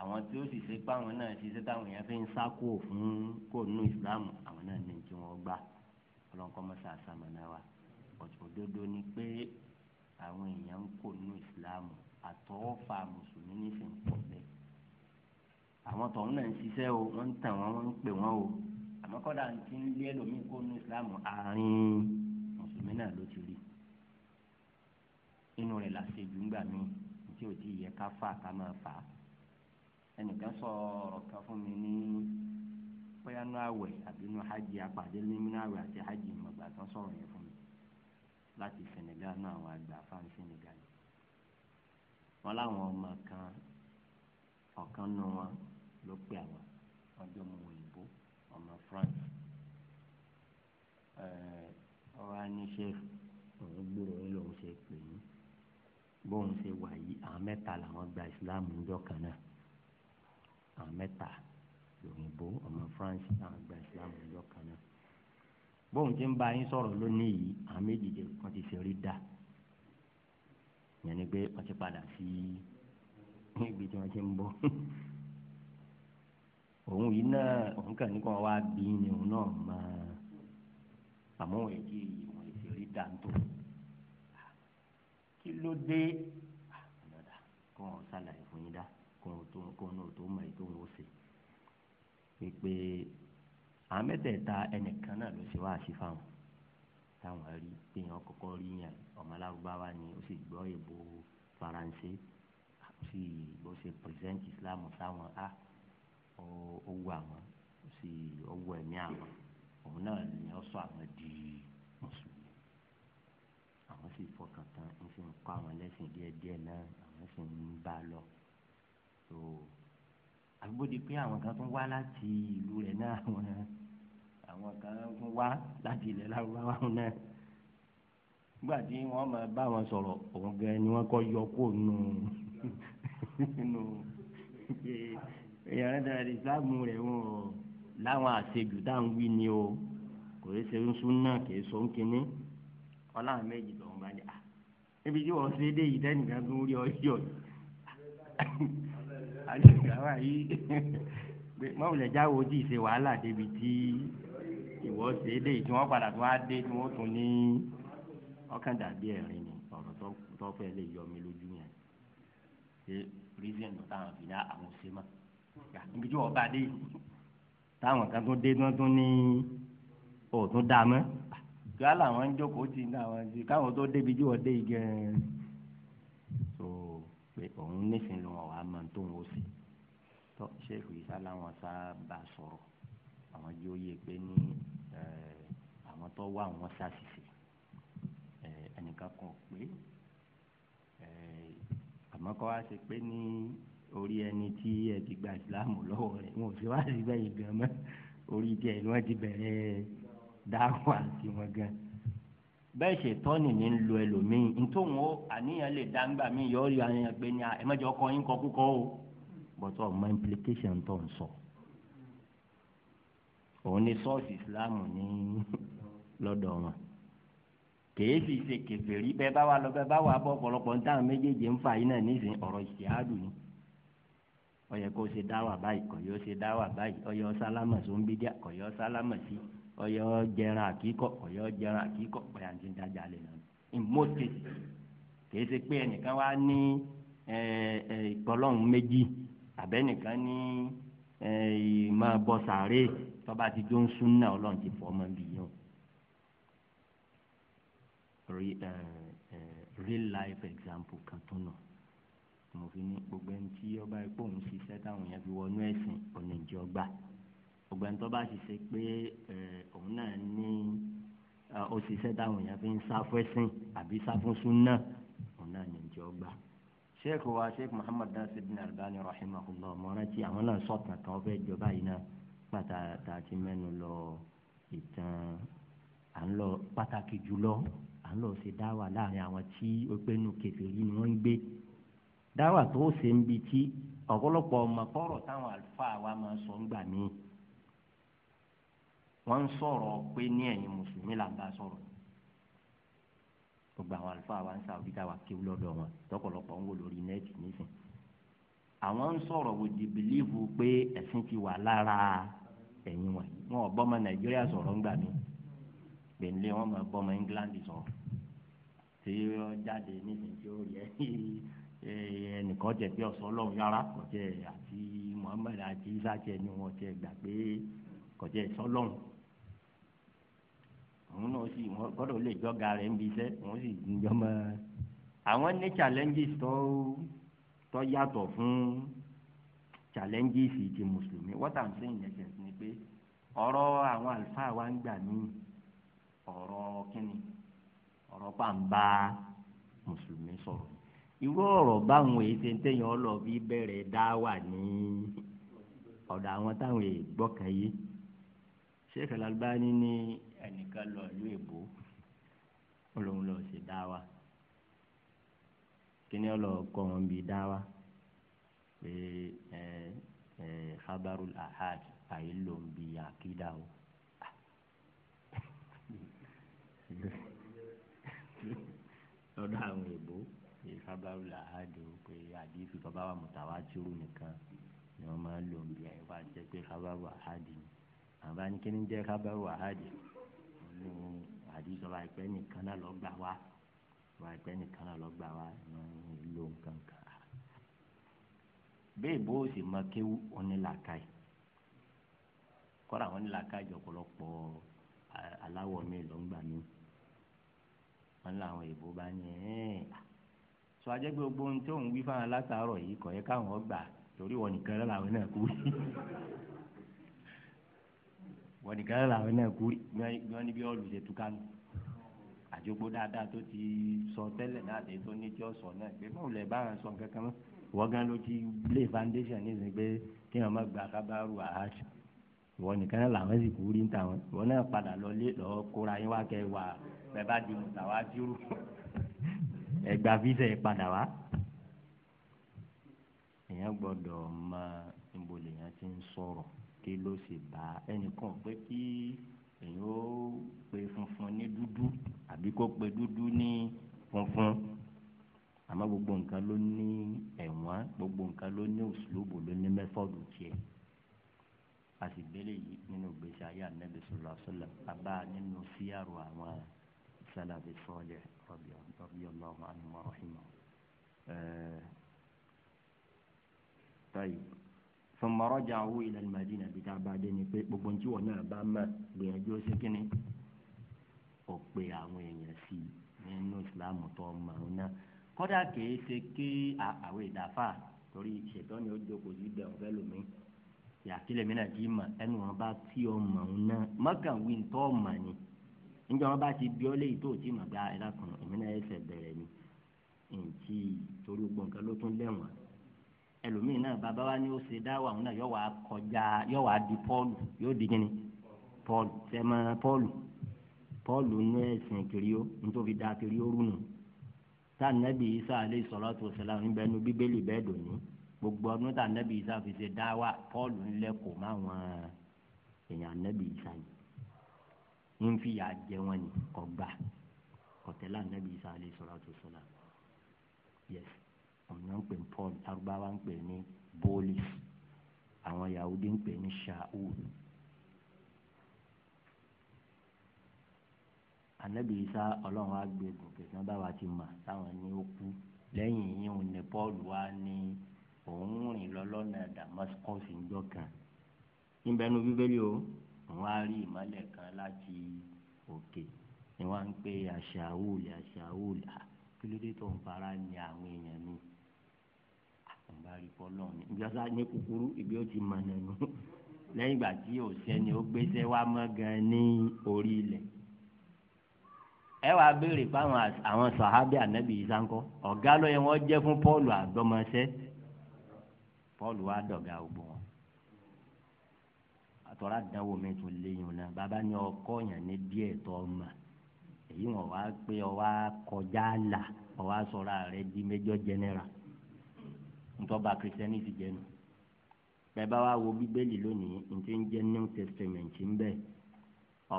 àwọn tí ó sì ṣe pé àwọn náà ṣiṣẹ́ táwọn èèyàn fi ń sá kó fún kó nínú ìsìláàmù àwọn náà ní tí wọ́n gbà ọlọ́nkọ́ mọ́sá àsàmọ́nà wa òdodo ni pé àwọn èèyàn ń kó nínú ìsìláàmù àtọ́wọ́fà mùsùlùmí nísìnyí pọ̀ bẹ́ẹ̀ àwọn tọ̀hún náà ń ṣiṣẹ́ o wọ́n ń tàn wọ́n wọ́n ń pè wọ́n o àmọ́ kọ́dà ti ń lé ẹlòmíín kó nínú ìsìláàmù àárín mùsùlùmí náà ló ti rí inú rẹ̀ làṣejù ńgbà míì tí ò ẹnìkan sọ̀rọ̀ kan fún mi ní bóyá nú àwẹ̀ àbí nú hajj apàdé nínú àwẹ̀ àti hajj ìmọ̀gbà kan sọ̀rọ̀ yẹn fún mi láti Senegal náà àwọn àgbà fáwọn Senegal wọn láwọn ọmọ kan ọ̀kan nù wọn ló pè àwọn ọjọ́ mu òyìnbó ọmọ France ọwọ́ aníṣe òun gbúrò ń lòun ṣe pè yín bóun ṣe wà yìí àwọn mẹ́ta làwọn gba ìsìláàmù ńjọ́ kan náà àwọn mẹ́ta lòyìnbó ọmọ France táwọn gba Islam lọ́jọ́ kan náà bóun ti ń bá yín sọ̀rọ̀ lónìí yìí àwọn méjìdé kan ti ṣeré dà yẹn ni pé wọ́n ti padà sí ibi tí wọ́n ti ń bọ̀ òun yìí náà òun kàn ní kàn wá bí ni òun náà máa àmọ́ òun èyí yìí wọ́n dà ń tò kí ló dé kó wọn ṣàlàyé fún yín dá kóun náà tó mọ ètò òun ó sè pépé àwọn mẹ́tẹ̀ẹ̀ta ẹnìkan náà ló ṣe wá àṣì fáwọn táwọn rí téèyàn kọ́kọ́ rí yàn ọmọ alárúbáwá ni ó sì gbọ́ èbó faransé ó sì bó ṣe pírẹsẹ́ǹtì islam sáwọn á ó wù àwọn ó sì ó wù ẹ̀mí àwọn òun náà ni ó sọ àwọn di mùsùlùmí àwọn sì fọkàn tán ń fi kọ́ àwọn lẹ́sìn díẹ̀díẹ̀ náà àwọn sì ń bá a lọ so àgbo di pé àwọn kan tún wá láti ìlú rẹ̀ náà àwọn àwọn kan tún wá láti ilẹ̀ lárúbáwá náà nígbà tí wọ́n máa bá wọn sọ̀rọ̀ òun gan ni wọ́n kọ́ yọ kó nù nù èèyàn dára di islámù rẹ̀ wọn o láwọn àṣejù tá ń wí ni o kò é ṣe ń sún náà kì í sọ ń ọlọ́run méjì lọ́wọ́ bá ní à níbi tí wọ́n ṣe é dé yìí tẹ́nìkan tó ń rí ọ yọ̀ àdìgbàwá yìí pé mọ̀wùlẹ̀ jáwé ojú ìṣe wàhálà débi tí ìwọ ṣe é dé tí wọ́n padà tó wá dé tí wọ́n tún ní ọkàn dàbí ẹ̀rín ni ọ̀rọ̀ tó fẹ́ lè yọ mi lójú yẹn ṣe reason táwọn fi ní àwọn ṣe mọ́ níbi tí wọ́n bá dé táwọn kan tó dé tó ní òòtún dá mọ́ kí wọ́n ń jókòó tì ní àwọn ṣe káwọn tó débi tí wọ́n dé yìí gẹ́ẹ́ pé òun nísìnyí lòun ọ̀wá máa tó ń wò sí tó ṣéèkù yìí sáláwọn sábà sọ̀rọ̀ àwọn jẹ́ òye pé ní àwọn tó wá àwọn ṣàṣìṣe ẹnìkan kan pé àmọ́ kọ́ wá ṣe pé ní orí ẹni tí ẹ ti gba ìsìláàmù lọ́wọ́ rẹ̀ wọn ò sí wá sí bẹ́ẹ̀ gan mọ́ orí tí ẹ̀ ni wọ́n ti bẹ̀rẹ̀ dáhùn àti wọn gan bẹ́ẹ̀ ṣe tọ́nì ní lo ẹlòmíì nítorí wọn àníyàn lè dá ńgbà mí yọ ọ́ rí àníyàn pé ní ẹ mọ́jọ kọ́ yín kọ́kúkọ́ o bọ́tọ̀ ọmọ implication tó ń sọ òun ni. sọ́ọ̀sì ìsìláàmù ní lọ́dọ̀ wọn kèé sì ṣe kèfèrí bẹ́ẹ̀ bá wà lọ bẹ́ẹ̀ bá wà bọ́ ọ̀pọ̀lọpọ̀ ní táwọn méjèèjì ń fà yín náà nísìnyí ọ̀rọ̀ ìṣìádùn ni ó yẹ kó ṣe dáwà báyìí kò yọ ṣe dáwà báyìí ó yọ sálámà sí ó ń bídíà sálámà sí ọyọ jẹran àkíkọ ọyọ jẹran àkíkọ ọyọ àti ìdájà lè nà in most cases kìí ṣe pé ẹnìkan wá ní ìtọ́lọ́hún méjì àbẹ́nìkan ní ìmọ̀ bọ́ sàárè tọ́ba ti jó ń sún náà ọlọ́run ti fọ́ ọmọ bìí yàn. real life example kan tó nà mo fi ní gbogbo ẹni tí ọba ẹ̀kọ́ òun ṣiṣẹ́ táwọn yẹn fi wọnú ẹ̀sìn ọ̀nà ìjọba ògbẹ́ntọ́ bá sì ṣe pé òun náà ní òṣìṣẹ́ táwọn èèyàn fi ń sá fẹ́sìn àbí sá fún súnà òun náà ní ìjọ gbà. sheikh wa sheikh muhammad nasir bin albani rahimahullah mọ̀rántí àwọn náà sọ̀tàn kan fẹ́ jọba yìí náà pàtà tá a ti mẹ́nu lọ ìtàn à ń lọ pàtàkì jùlọ à ń lọ ṣe dáwà láàrin àwọn tí ó pé nù kèfèrí ni wọ́n ń gbé dáwà tó ṣe ń bi tí ọ̀pọ̀lọpọ̀ ọmọ táwọn àlùfáà wa máa sọ ń gbà míì wọ́n ń sọ̀rọ̀ pé ní ẹ̀yin mùsùlùmí là ń bá sọ̀rọ̀ gbogbo àwọn àlùfáà wa ń sàwùjí táwa kéwú lọ́dọ̀ wọn tọ̀pọ̀lọpọ̀ ń wò lórí nẹ́ẹ̀tì nísìn àwọn ń sọ̀rọ̀ wò di bìlíìfù pé ẹ̀sìn ti wà lára ẹ̀yin wọn wọn ò nàìjíríà sọ̀rọ̀ ńgbà mi gbẹ̀ǹlé wọn máa bọ́mọ england sọ̀rọ̀ tí ó jáde nísìn tí ó rí ẹnìkan jẹ pé ọ̀sán ọlọ́run yára kọ̀jẹ́ àti muhammed àti isa jẹ ni wọn jẹ gbà pé kọ̀jẹ́ ìsọlọ́run òun náà sì wọ́n gbọ́dọ̀ lè jọ́ga rẹ̀ ń bi iṣẹ́ wọ́n sì jọ mọ́ ẹ. àwọn ní challenges tó tó yàtọ̀ fún challenges ti mùsùlùmí what i'm saying in essence ni pé ọ̀rọ̀ àwọn àlùfáà wa ń gbà ní ọ̀rọ̀ kínní ọ̀rọ̀ pàǹbá mùsùlùmí sọ̀rọ̀ irú ọ̀rọ̀ báwọn èsì téèyàn ọlọ́ bí bẹ̀rẹ̀ dá wà ní ọ̀dọ̀ àwọn táwọn èèyàn gbọ́kàn yé Sheikh Al-Albani ẹnìkan lọ ìlú èbó ó lóun lọ sí dáwà kíní ọlọ kọ wọn bíi dáwà pé ẹ ẹ habarul ahad àyè lòun bíi àkídà o lọ́dọ̀ àwọn èbó ṣe sábàrú làádó pé àdìsí bàbá wa mùtàwátìrù nìkan ni wọ́n máa ń lò ń bí ẹ̀ wá jẹ́ pé sábàrú àhádì ni àbá ní kí ni jẹ́ sábàrú àhádì ní àdìsọ́ba ìpẹ́ nìkan náà lọ́ọ́ gbà wá ìwà ìpẹ́ nìkan náà lọ́ọ́ gbà wá ìlò nǹkan kan. bẹ́ẹ̀ bó o sì mọ kéwú onílàkàì kọ́ra àwọn onílàkàì jọ̀pọ̀lọpọ̀ aláwọ̀ mi ló ń gbà mí wọn làwọn èèbó bá ní ẹ̀ẹ́n sọ ajẹ́ gbogbo ohun tí òun wí fáwọn látàárọ̀ yìí kọ̀ yẹ káwọn gbà torí wọn nìkan làwọn náà kú wọ́n nìkan náà làwọn náà kú bí wọ́n ní bí ọ̀lù ṣe túká nù àjogbo dáadáa tó ti sọ tẹ́lẹ̀ náà àti tó ní tí ó sọ náà pé báwo lè báwọn sọ nǹkan wọ́n gan ló ti lé foundation ní ìsìn pé kí wọ́n má gba kábàárù àhásù wọ́n nìkan náà làwọn sì kú rí níta wọn wọ́n náà padà lọ lé lọ́ọ́ kóra yín wá kẹ́ wà bẹ́ẹ̀ bá di mùtàwá dúró ẹgbà fíṣẹ̀ padà wá èèyàn gbọ́dọ̀ mọ níbo lèèyàn ti ń sọ̀rọ̀ kí ló sì bá ẹnìkan pé kí èyí ó pe funfun ní dúdú àbí kó pe dúdú ní funfun àmọ́ gbogbo nǹkan ló ní ẹ̀wọ̀n gbogbo nǹkan ló ní òṣùlùbù ló ní mẹ́fọ́ọ̀dù tiẹ̀ a sì gbélé yìí nínú gbèsè ayé anabi sọlá sọlá abá nínú síyàrò àwọn sálàbí sọlẹ rọbì ọlọ́run ànumọ rọhìmọ ẹẹ táyì thumma raja'u ila al-Madina bí tá a bá dé ni pé gbogbo ní wọn náà bá mọ̀ gbìyànjú ó kínní ó pe àwọn èèyàn sí i nínú ìsìláàmù tó mọ̀ ọ́n náà kọ́dà kìí ṣe kí àwọn ìdáfà torí ìṣètò ni ó jókòó sí ibẹ̀ ọ̀fẹ́ lómi yàtìlẹ̀ mi náà ti mọ̀ ẹnu wọn bá tí ọ mọ̀ ọ́n náà mọ́kàn wí ń tọ́ mọ̀ ni níjọ́ wọn bá ti bí ọ léyìí tó ti mọ̀ gba ẹ̀dá kan náà ẹ̀ṣẹ̀ ni ǹtí torí gbọ̀ǹkan ló ẹlòmíì náà bàbá wa ni ó ṣe dáwà òun náà yọ wàá kọjá yọ wàá di pọ́ọ̀lù yóò di gíní pọ́ọ̀lù sẹ́mọ́ pọ́ọ̀lù pọ́ọ̀lù nú ẹ̀sìn kiri ó nítorí da kiri ó rúnu tá isa aleyhi salatu wassalam níbẹ̀ nu bíbélì bẹ́ẹ̀ dòní gbogbo ọdún tá nẹ́bí isa fi ṣe dáwà pọ́ọ̀lù ńlẹ́kọ̀ọ́ máwọn èèyàn nẹ́bí isa yìí ń fi jẹ wọn ni kọ gbà kọtẹ́lá nẹ́bí isa aleyhi salatu wassalam yes ọ̀nà ń pè ní paul arúgbáwá ń pè ní bólì àwọn yahudi ń pè ní shaul. anabi isa ọlọ́run á gbé gòkè tí wọ́n bá wa ti mọ̀ táwọn ní ó kú lẹ́yìn yíyún ní paul wá ní òun rìn lọ lọ́nà damascus ńjọ́ kan níbẹ̀ nu bíbélì o òun á rí ìmọ́lẹ̀ kan láti òkè ni wọ́n ń pè àṣà wúlì àṣà wúlì kí ló dé tó ń fara ní àwọn èèyàn mi bá rí fọlọ́ ni ìjọba ní kúkúrú ibi ó ti mọ nínú lẹ́yìn ìgbà tí òsẹ́ni ó gbéṣẹ́ wá mọ́ gan ní orí ilẹ̀ ẹ wàá béèrè fáwọn àwọn sàhábì ànábì yìí sáńkọ ọ̀gá ló yẹ wọ́n jẹ́ fún Pọ́ọ̀lù àgbọ́mọṣẹ́ Pọ́ọ̀lù wa dọ̀gá ògbó wọn àtọ́ra dánwò mi tún léyìn náà bàbá ni ọkọ yẹn ní díẹ̀ tó mà èyí wọn wá pé ọ kọjá là ọ wá sọra di méjọ jẹnẹra ntọ́ba kìrìsìtẹ́nì ti jẹnu bẹ́ẹ̀ bá wá wo bíbélì lónìí n ń jẹ́ new testament ń bẹ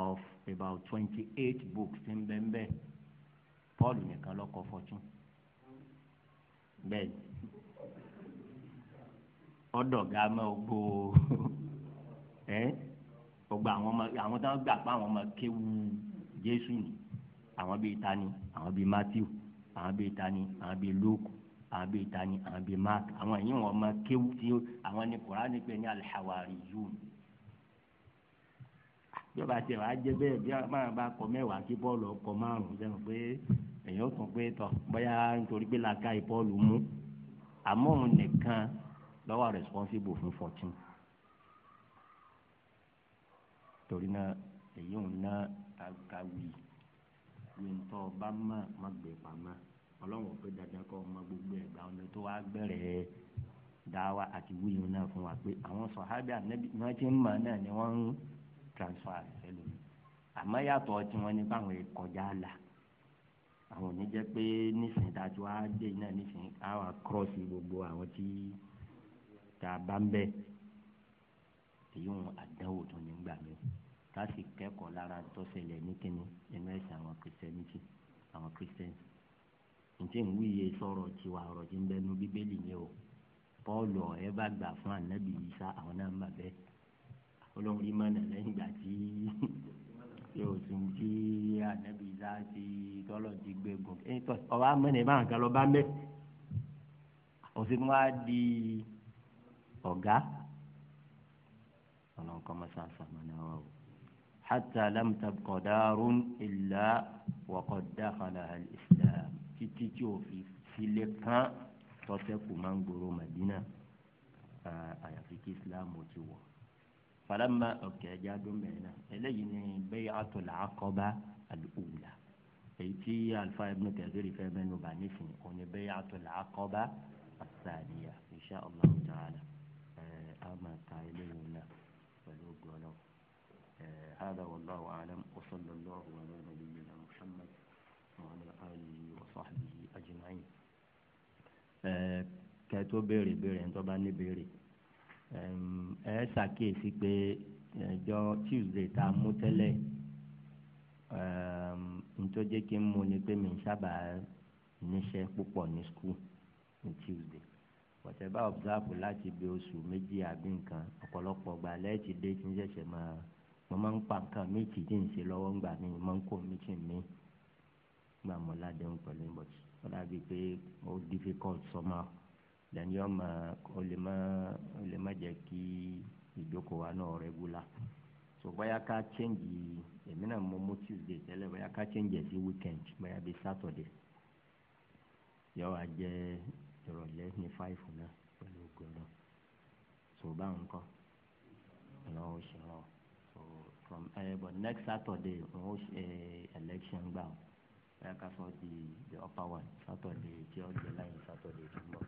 of about twenty eight books ń bẹ ń bẹ paul nìkan ló kọ fọtún bẹ́ẹ̀ ọ̀dọ̀gá mọ́ ogbó ẹ́ gbogbo àwọn ọmọ àwọn tó ń gbà pé àwọn ọmọ kéwu jésù ni àwọn bíi tani àwọn bíi matthew àwọn bíi tani àwọn bíi luke àwọn bíi tani àwọn bíi mark àwọn èyí wọn máa kéwú tí àwọn ní kuraani pé ní alihawari yun bí o bá tiẹ̀ wàá jẹ bẹ́ẹ̀ bí a máa bá kọ mẹ́wàá kí bọ́ọ̀lù ọkọ̀ márùn-ún sẹ́nu pé èyàn tún pé tọ̀ bóyá nítorí pé làákà ìbọ́ọ̀lù mú àmọ́ òun nìkan lọ́wọ́ responsible fún fourteen torí náà èyí òun náà kàwé wíńtọ́ bá mọ̀ má gbé pamọ́ ọlọ́run ò pé dandan kọ́ ọmọ gbogbo ẹ̀gbà ọ̀nà tó wá gbẹ̀rẹ̀ dáwà àti wíyùn náà fún wa pé àwọn sọ̀hábì ànábì wọ́n ti ń mọ̀ náà ni wọ́n ń transfer sẹ́lò àmọ́ yàtọ̀ tí wọ́n ní báwọn kọjá là àwọn ò ní jẹ́ pé nísìnyí tá a ti wá dé náà nísìnyí àwọn cross gbogbo àwọn tí tá a bá ń bẹ̀ èyí wọn àdánwò tó ní gbà mí ká sì kẹ́kọ̀ọ́ lára tó ṣẹlẹ̀ ní kíni ẹnu àwọn kìrìsìtẹ́nì àwọn kìrìsìtẹ́nì ntí ń wíyè sọ̀rọ̀ tiwa ọ̀rọ̀ tí ń bẹ nu bíbélì ni o Pọ́ọ̀lù ọ̀rẹ́ bá gbà fún ànábì Ìsá àwọn náà má bẹ́ẹ̀ ọlọ́run rí mọ́nà lẹ́yìn ìgbà tí yóò tún tí ànábì Ìsá ti tọ́lọ̀ ti gbé gùn ọba mọ́nà ìbáwọn kan lọ bá mẹ́ òsínú wa di ọ̀gá ọlọ́run kọ́ mọ́sá sàmánà wa o. حتى لم تبق دار إلا وقد دخلها الإسلام títí tí o fi file kan tọ́sẹ̀kù máa ń gbòòrò Madina àyàfi kí Islam ti wọ̀ falama ọ̀kẹ́ ẹja dúnbẹ̀ náà eléyìí ni bay'atul aqaba al-ula èyí tí alfa ibn Kathir fẹ́ mẹ́nu bá nísìnyí òun ni bay'atul aqaba al-thaniya insha Allah ta'ala ẹ̀ á ta eléyìí náà pẹ̀lú gbọ́dọ̀ ẹ̀ hada wallahu a'lam wa sallallahu alayhi wa sallam. kẹ tó béèrè béèrè ní tó bá ní béèrè ẹ ṣàkíyèsí pé ẹjọ tuesday tá a mú tẹ́lẹ̀ nítorí jẹ́ kí n mú ni pé mi ń sábà níṣẹ́ púpọ̀ ní school ní tuesday pọ̀tẹ́ bá ọ̀bùsáàpù láti bí oṣù méjì àbí nǹkan ọ̀pọ̀lọpọ̀ gbà lẹ́ẹ̀tì dé tí ń ṣẹ̀ṣẹ̀ máa mo máa ń pa nǹkan míì tí tí ń ṣe lọ́wọ́ ń gbà mí mo máa ń kó mi tì mí gbà mọ́ ládéhùn pẹ̀lú ìbọ̀tì ó dàbí pé ó difficult somehow lẹ́ni ọmọ o lè ma, jẹ́ kí ìjókòó wa náà regular so bóyá ká change èmi náà mo mú tuesday tẹ́lẹ̀ bóyá ká change ẹ̀ sí weekend bóyá bíi saturday yọ wá jẹ́ ìrọ̀lẹ́ ní five náà pẹ̀lú ògùn náà so báwọn kọ́ ọlọ́wọ́ ṣe rán so from uh, but next saturday wọ́n ó ṣe eh, election gbà ó bóyá ká sọ di the upper one saturday tí ó jẹ́ láyé saturday tó ń bọ̀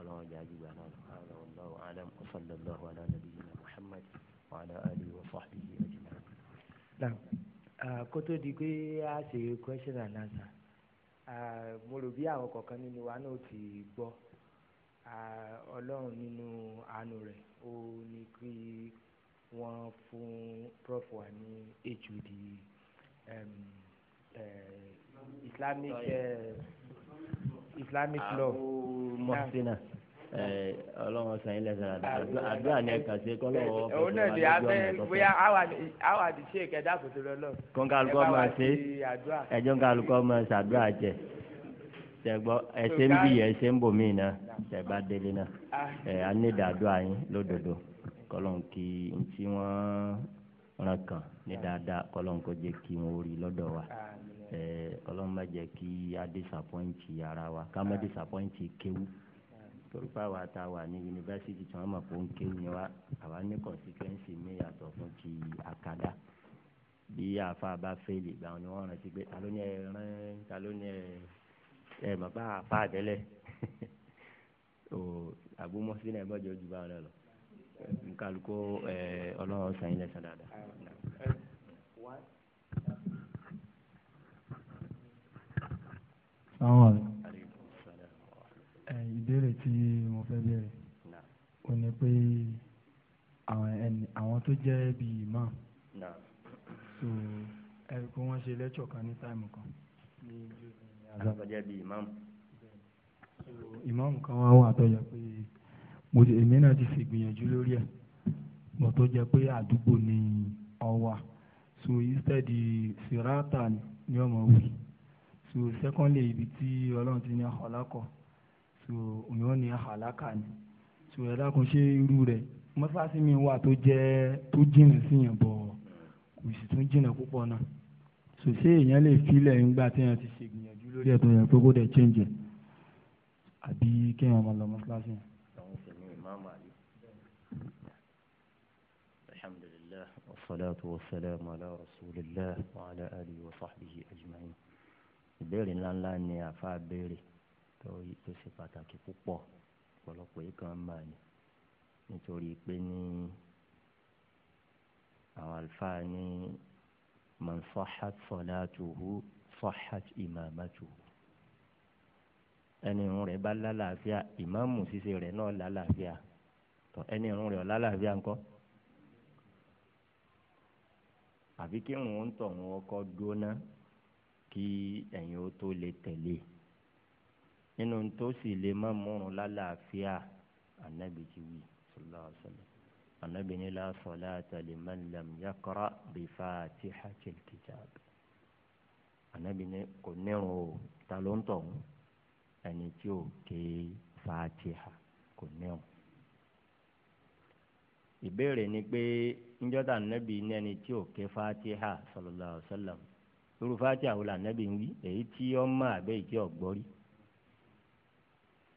ọlọ́run jẹ́ àjùgbà náà lọ́wọ́ wallahu a'lam wa sallallahu ala nabiyyina Muhammad wa ala alihi wa sahbihi ajma'in. kó tó di pé a ṣe question and answer mo rò bí àwọn kọ̀ọ̀kan nínú wa náà ti gbọ́ ọlọ́run nínú àánú rẹ̀ ó ní kí wọ́n fún prof wa ní hud um, uh, eh, islamic. Uh, islamic law. mọ̀sínà eh, ọlọ́run sàn ilẹ̀ sàn àdúrà ni ẹ̀ka ṣe kọ́ lọ́wọ́ ọ̀pọ̀ ọ̀nà ìdí abẹ́ bóyá àwa àti ṣe ìkẹ́dá kò tó lọ lọ. kọ́ńkàlùkọ́ máa ṣe ẹjọ́ kọ́ńkàlùkọ́ máa ṣàdúrà jẹ tẹgbọ́ ẹsẹ̀ ń bì ẹsẹ̀ ń bò mí iná tẹ̀gbá délé náà ah. ẹ̀ anídàádúrà yín lódodo kọ́lọ́n kí n tí wọ́n rán kàn ní dáadáa kọ́lọ́n kó jẹ́ kí wọ́n rí lọ́dọ̀ wa. Àmín ọlọ́run má jẹ́ kí a disapọ́ǹtì ara wa ká má ah. disapọ́ǹtì kéwú torí pé àwa tá a wà ní yunifásitì tí wọ́n mọ̀ pé ó ń kéwú ni wa àwa ní constituency mi yàtọ̀ fún ti àkàdá bí àfa bá fẹ́ẹ̀lì gbà wọn ni wọ́n rántí pé ta ló ní ẹ rán ta ló ní ẹ ẹ mọ̀ pé àfa àtẹ́lẹ̀ o àbúmọ́sí náà ẹ bọ́jọ́ ju báwọn náà lọ nǹkan àlùkò ọlọ́run sàn yín lẹ́sàn dáadáa. sáwọn ìbéèrè tí mo fẹ́ béèrè ó ní pé àwọn tó jẹ́ bí imam so ẹ̀rí pé wọ́n ṣe lẹ́tọ̀ kan ní táìmù kan. àtọ́jẹ́ imam. imam kan wá wà tó yẹ pé mo ti èmi náà ti ṣègbìyànjú lórí ẹ̀ mo tó jẹ́ pé àdúgbò ni ọ so instead sirata ni ọmọ wí so secondly ibi tí ọlọ́run ti ní àhàlákọ̀ so òyìnbó ní àhàlákà ni so ẹ dákun ṣe irú rẹ̀ mọ́sáàsì mi wà tó jẹ́ tó jìnnà sí yẹn bọ̀ kò sì tún jìnnà púpọ̀ náà so ṣé èèyàn lè filẹ̀ nígbà tí èèyàn ti ṣègbìyànjú lórí ẹ̀ tó pé kó dẹ̀ change ẹ̀ àbí kéèyàn máa lọ mọ́sáàsì yẹn. الحمد لله والصلاة والسلام على رسول الله وعلى آله وصحبه أجمعين ìbéèrè ńláńlá ni àfa béèrè tó tó ṣe pàtàkì púpọ̀ ọ̀pọ̀lọpọ̀ yìí kan máa ní nítorí pé ní àwọn àlùfáà ní man sahhat salatuhu sahhat imamatuhu ẹni irun rẹ̀ bá lálàáfíà ìmáàmù ṣíṣe rẹ̀ náà lálàáfíà tó ẹni irun rẹ̀ lálàáfíà ńkọ́ àbí kí irun ń tọ̀ wọn kọ́ dúró náà kí ẹ̀yin ó tó lè tẹ̀lé nínú tó sì lè má múrun lálàáfíà ànábì ti wí sallallahu alaihi wasallam ànábì ní la salata liman lam yaqra bi fatihatil kitab ànábì ní kò nírun o ta ló ń tọ̀ ẹni tí ò ké fatiha kò nírun ìbéèrè ni pé njọ́ta ànábì ní ẹni tí ò ké fatiha sallallahu alaihi wasallam irú fati àwọn lànàbí ń wí èyí tí ó mọ àbẹ ìjẹ ọgbọrí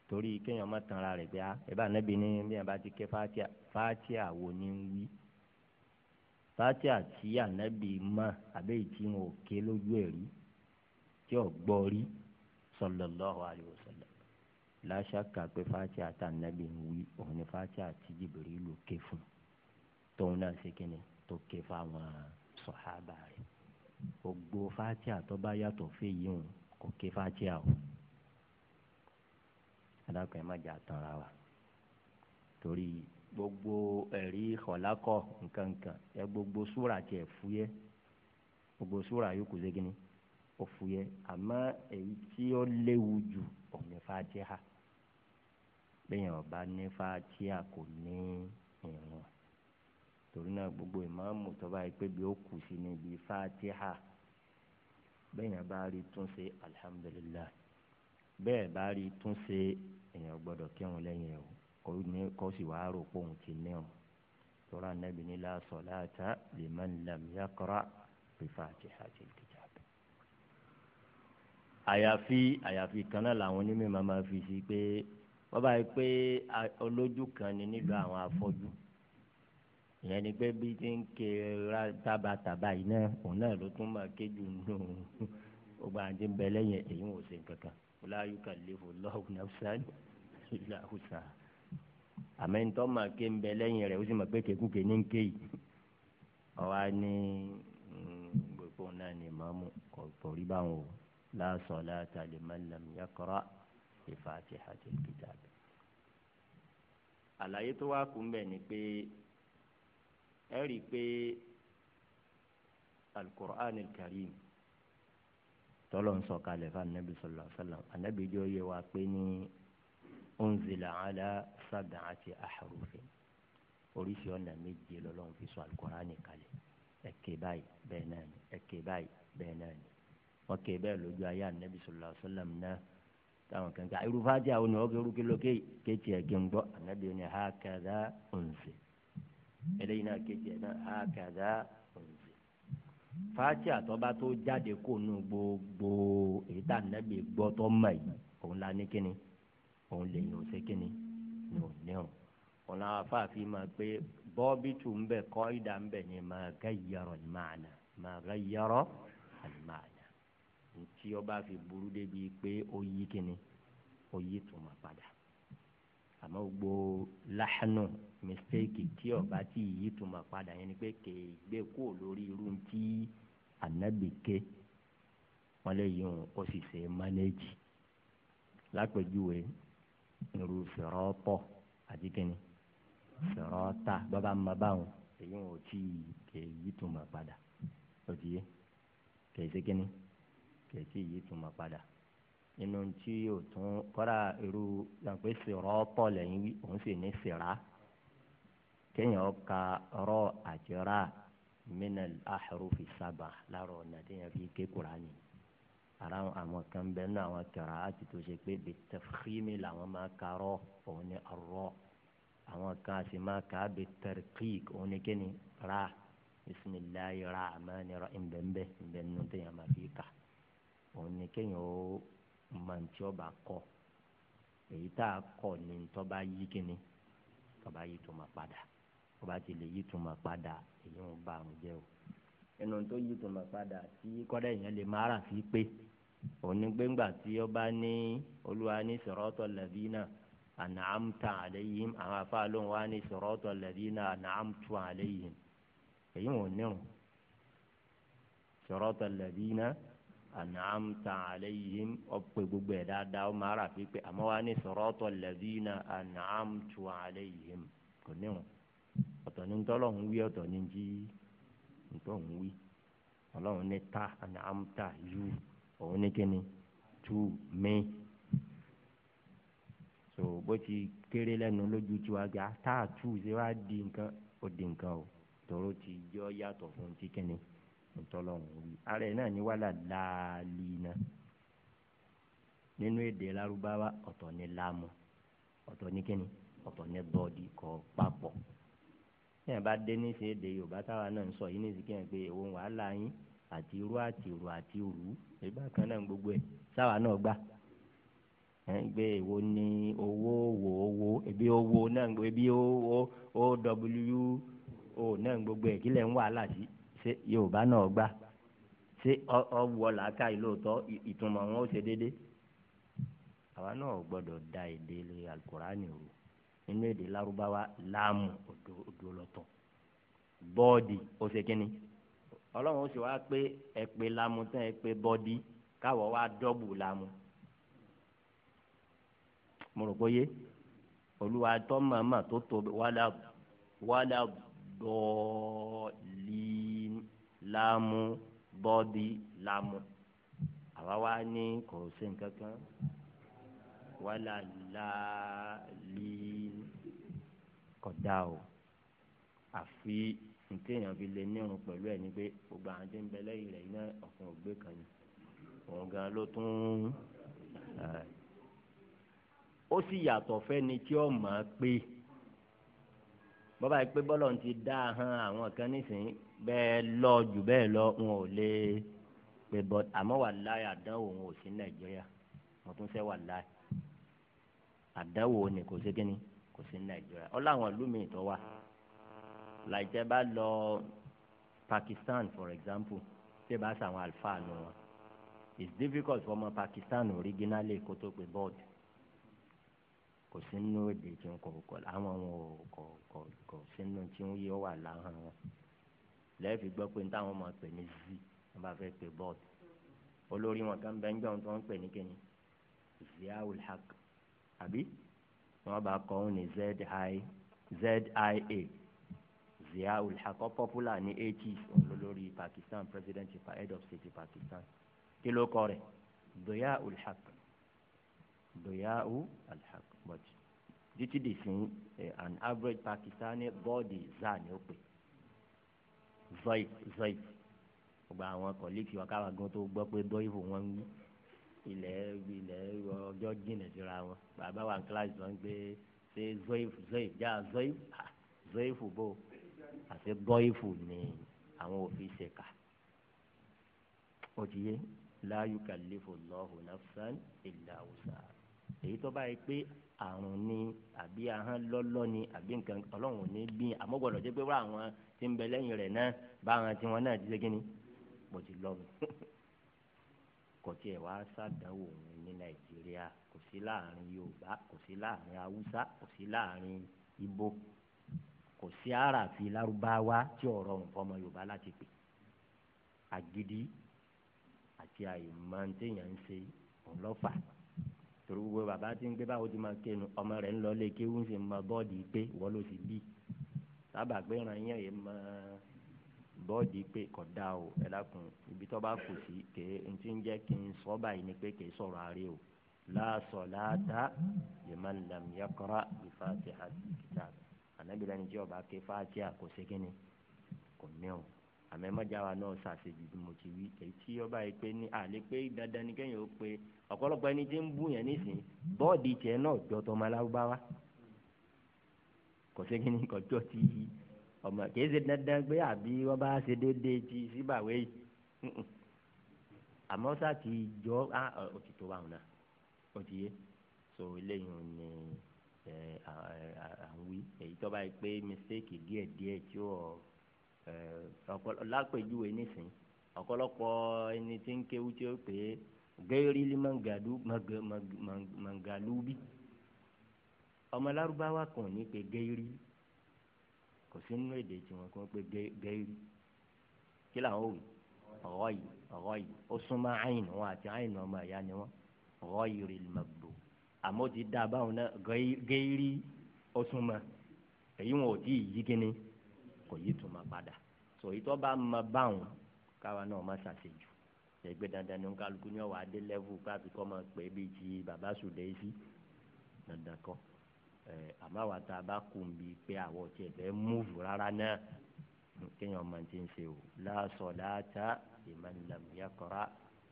torí kéèyàn má tanra rẹ̀ bí a ah, ẹ bá ànàbí ní bí a bá ti ké fati fati àwọn ní ń wí fati àti ànàbí mọ àbẹ ìjì wọn ò ké lójú ẹ rí tí ọgbọrí sallallahu alaihi wasallam láṣàkà pé fati àti ànàbí ń wí òun ni fati àti Jibrilu ké fún tóun náà ṣe kíni tó ké fáwọn sọhábà rẹ̀ gbogbo fatia tó bá yàtọ̀ fẹ́ yìí hàn kò ké fatia o adákan ẹ má jà tanra wa torí gbogbo ẹ̀rí ìkọ̀lákọ̀ nkankan ẹ gbogbo súra tiẹ̀ fúyẹ́ gbogbo súra yòókù ṣégini ó fúyẹ́ àmọ́ èyí tí ó léwu jù òní fatia bẹ́ẹ̀ yẹn ọba ní fatia kò ní ìrún torí náà gbogbo ìmáàmù tó bá yẹ pé bí ó kù sí níbi fatiha bẹ́ẹ̀ yẹn bá rí tún ṣe alhamdulilah bẹ́ẹ̀ bá rí tún ṣe èèyàn gbọ́dọ̀ kírun lẹ́yìn ẹ̀ o kó sì wá rò pé òun ti ní o tora nabi ni la salata liman lam yaqra bi fatihati alkitab àyàfi àyàfi kan làwọn onímọ̀ máa fi sí pé wọ́n bá pé olójú kan ni nílùú àwọn afọ́jú. Mm -hmm ìyẹn ni pé bí ti ń ké ra tábàtàbà yìí náà òun náà ló tún máa kéjù nù ọgbà àti bẹlẹ yẹn èyí ò ṣe kankan láàyò kàlẹ́ fò lọ́hùn nafsan ìlà hùsà àmọ́ ń tọ́ máa ké ń bẹ lẹ́yìn rẹ̀ ó sì máa pé kékúké ní ń ké yìí ọ̀wá ní hmm, gbogbo náà ní màmú kò rí báwọn o la salata liman lam yaqra bi fatihatil kitab àlàyé tó wá kú ń bẹ̀ ni pé ẹ rí i pé alukur'an karim tọ́lọ̀ ń sọ̀kalẹ̀ fún anabi sallallahu alaihi wasallam anabi jọ yẹ wá pé ní unzila ala sab'ati ahrufin oríṣi ọ̀nà méje lọ́lọ́run fi sọ alukur'an kalẹ̀ ẹ̀kẹ́ báyìí bẹ́ẹ̀ náà ni ẹ̀kẹ́ báyìí bẹ́ẹ̀ náà ni wọ́n kẹ́ bẹ́ẹ̀ lójú ayé anabi sallallahu alaihi náà táwọn kan ká irú fájà ònà kéèké ẹ̀gẹ́ ń gbọ́ anabi ní hakadha unzila eléyìí náà kejì ẹ̀ náà àkàdá ọ̀nzẹ̀. fàájì àtọ́ba tó jáde kó nu gbogbo èyí tá ànábì gbọ́ tó mọ̀ yìí òun la ní kíni òun lè yàn ṣe kíni ní òní o. òun làwọn afáàfin máa pé bọ́ọ̀bì tù ń bẹ̀ kọ́ ìdá ń bẹ̀ ni máa gá yẹrọ ìmáàna máa gá yẹrọ àlùmáàna. ntí ọba fi burú débi pé ó yí kíni ó yí tùmọ̀ padà àmọ́ gbogbo láhánù mistake tí ọba tí yìí tún máa padà yẹn ni pé kèé gbé kó lórí irú tí ànábì ké wọn lè yí òun ó sì ṣe mánéjì lápèjúwe irú fìrọ́pọ̀ àti kínní fìrọ́tà bàbá ń bàbá òun èyí wọn ò tí kèé yìí tún máa padà ó ti yé kèé ṣe kínní kèé yìí tún máa padà nínú tí yóò tún kọ́ra irú yàgbé fìrọ́pọ̀ lẹ́yìn òun sì ní fìrà kéèyàn ka rọ àjọra minal ahrufi sábà láàrọ ọ̀nà téèyàn fi ké kurani ara àwọn kan bẹ́ẹ̀ náà àwọn kẹrà àti tó ṣe pé bitafkhimi làwọn máa ka rọ òun ni rọ àwọn kan sì máa ka bitarqiq òun ni kíni ra bisimilayi rahman rahim bẹ́ẹ̀ bẹ́ẹ̀ nínú téèyàn máa fi kà òun ni kéèyàn ó mọ̀ntí ọba kọ èyí tá a kọ ní ntọ́ yí kíni tọ́ yí tó máa padà ọba ti lè yí tuma padà èyí ń bá àrùn jẹ o ẹnu tó yí tuma padà tí kọ́dà èèyàn lè má ara fi pé onígbẹ́ngbà tí ọba ní olúwa ní siratal ladina an'amta alayhim àwọn afáàlóhùn wa ní siratal ladina an'amtu alayhim èyí wọn ò nírun siratal ladina an'amta alayhim ọ̀pẹ gbogbo ẹ̀ dáadáa ọmọ ara fi pé àmọ́ wa ní siratal ladina an'amtu alayhim kò nírun. ọ̀tọ̀ ní ntọ́lọ́hún wi ọtọ ni ji, ntọ́hún wí ọlọ́run ní ta àná ta, yú òun ní kíni tú mí so bó ti kéré lẹ́nu lójú tí wàá gbé ata tú ṣé wàá di nǹkan ó di nǹkan o tòró ti jọ yàtọ̀ fún ti kíni ntọ́lọ́hún wí ara ẹ̀ náà ní wàhálà láàlì náà nínú èdè lárúbáwá ọ̀tọ̀ ní láàmú ọ̀tọ̀ ní kíni ọ̀tọ̀ ní bọ́ọ̀dì kọ́ papọ̀. tí yẹn bá dé ní ṣe èdè yorùbá táwa náà ń sọ yìí ní ìsìnkú yẹn pé èwo wàhálà yín àti irú àti irú àti irú ìgbà kan náà gbogbo ẹ̀ táwa náà gbà ẹ̀ gbé èwo ni owó wò owó ebi owó náà gbogbo ebi owó ow náà gbogbo ẹ̀ kí lẹ̀ ń wàhálà sí ṣé yorùbá náà gbà ṣé ọwọ́ làákà ìlóòótọ́ ìtumọ̀ wọn ó ṣe déédéé àwa náà gbọ́dọ̀ da èdè lé alukurani rú nínú èdè lárúbáwá láàmù odò odò lọ́tọ̀ bọ́ọ̀dì ó ṣe kínní ọlọ́run ó sì wá pé ẹ pé láàmù tán ẹ pé bọ́ọ̀dì káwọ̀ wá dọ́bù láàmù mo rò bóyé olúwa tó màmá tó tó wàlà wàlà bọ́ọ̀lì láàmù bọ́ọ̀dì láàmù àwa wá ní kò sí nǹkan kan Wala láàlì kọ̀dá o àfi nkéèyàn fi lè nírun pẹ̀lú ẹ̀ ní pé gbogbo àwọn tí ń bẹ lẹ́yìn rẹ̀ iná ọ̀kan ògbé kan ni òun gan ló tún ó sì yàtọ̀ fẹ́ni tí ó mọ̀ ọ́ pé bọ́bá yìí pé bọ́lọ̀ ti dá han àwọn kan nísìnyí bẹ́ẹ̀ lọ jù bẹ́ẹ̀ lọ n ò lè pè bọ́ àmọ́ wà láyà dánwò n ò sí Nàìjíríà mo tún fẹ́ wà láyà àdáwò ni kò sí kíni kò sí nàìjíríà ọ láwọn ìlú mi tó wà làjẹ bá lọ Pakistan for example ṣé bá sàwọn àlùfáà nù wọn it's difficult for ọmọ Pakistan originally kó tó pe bọ́ọ̀dù kò sí nínú èdè tí wọn kò kọ àwọn wọn ò kọ kọ kọ sí nínú tí wọn yé wà láhàn wọn lẹ́ẹ̀fi gbọ́ pé táwọn máa pè ní zi wọn bá fẹ́ pè bọ́ọ̀dù olórí wọn kan bẹ́ẹ̀ ń jọ tó ń pè ní kíni ziaul haq àbí wọn bá kọ òun ní zia ziaul haq popular ní eighties olórí pakistan president head of state pakistan kí ló kọ rẹ̀ ziaul haq ziaul haq but títí di sin eh, an average pakistani bọ́ọ̀dì za ni ó pè zoif zoif gbogbo àwọn kọ̀líkì wa káwa gan tó gbọ́ pé dọ́ìfù wọn ń wí ilẹ̀ ilẹ̀ ọjọ́ jìnnà síra wọn bàbá wa kíláàsì wọn gbé ṣe zoif zoif já zoif zoif bò àti gọ́ìfù ni àwọn òfin ṣe kà ó ti yé la yukallifu Allahu nafsan illa wusa èyí tó báyìí pé àrùn ni àbí ahọ́n lọ́lọ́ ni àbí nǹkan ọlọ́run ò ní bí àmọ́ gbọ́dọ̀ jẹ́ pé wọ́n àwọn tí ń bẹ lẹ́yìn rẹ̀ náà bá àwọn tí wọ́n náà ti ṣe kí ni mo ti lọ́ mi. kò tiẹ̀ wá sàdánwò òun ní nàìjíríà kò sí láàrin yorùbá kò sí láàrin haúsá kò sí láàrin ibo kò sí àràfi lárúbáwá tí ọ̀rọ̀ nǹkan ọmọ yorùbá láti pè agidi àti àìmọ̀ntẹ́yàn ń ṣe ńlọ́fà torí gbogbo bàbá tí ń gbé báwo ti máa kéwòn ọmọ rẹ̀ ń lọ lé kéwòn sì ń mọ bọ́ọ̀dì pé wọ́n ló ti bí sábà gbéra yẹn yẹn mọ bọ́ọ̀dì pé kọ̀dá o ẹ dákun ibi tó bá kù sí ké ntí ń jẹ́ kí n sọ báyìí ni pé kì sọ̀rọ̀ àárẹ̀ o la salata liman lam yaqra bi fatihatil kitab ànábìlẹ̀ ni tí ọba ké fatiha kò kínní kò ní o àmọ́ ẹ̀mọ́jà wa náà ṣàṣejù bí mo ti wí èyí tí ọba yìí pé ní àlẹ́ pé dandan ni kẹ́yìn ó pé ọ̀pọ̀lọpọ̀ ẹni tí ń bù yẹn nísìnyí bọ́ọ̀dì tiẹ̀ náà jọ tọmọ aláwọ̀ ọmọ kìí ṣe dandan pé àbí wọ́n bá ṣe déédéé ti síbàwé yìí àmọ́ sá ti jọ ọ ti tó báwọn náà ó ti yé so eléyìí ni àwí èyí tó bá yẹ pé mistake díẹ̀ díẹ̀ tí ó lápèjúwe nísìnyí ọ̀pọ̀lọpọ̀ ẹni tí ń kéwú tí ó pè é gẹ́rìlì mangalubi ọmọ lárúbáwá kan ní pé gẹ́rìlì kò sí nínú èdè tiwọn kí wọ́n pé gẹ́rì kí làwọn ò wí ọ̀rọ̀ yìí ọ̀rọ̀ yìí ó súnmọ́ àyìn wọn àti àyìn ọmọ ìyá ni wọn ọ̀rọ̀ yìí rè màgbò àmọ́ ti dá a báwọn náà gẹ́rì ó súnmọ́ èyí wọn ò tí ì yí kíní kò yí túmọ̀ padà sọ tó bá mọ báwọn káwa náà má ṣàṣejù ẹgbẹ́ dandan ní kálukú ní ọ̀wá dé lẹ́vù káàkiri máa pè é bíi ti bàbá sùdẹ́ẹ́sì dandan kọ́ àmọ́ àwa tá a bá kú ń bi pé àwọ̀ tiẹ̀ bẹ́ẹ̀ múùfù rárá náà kéèyàn máa ti ń ṣe o la salata liman lam yaqra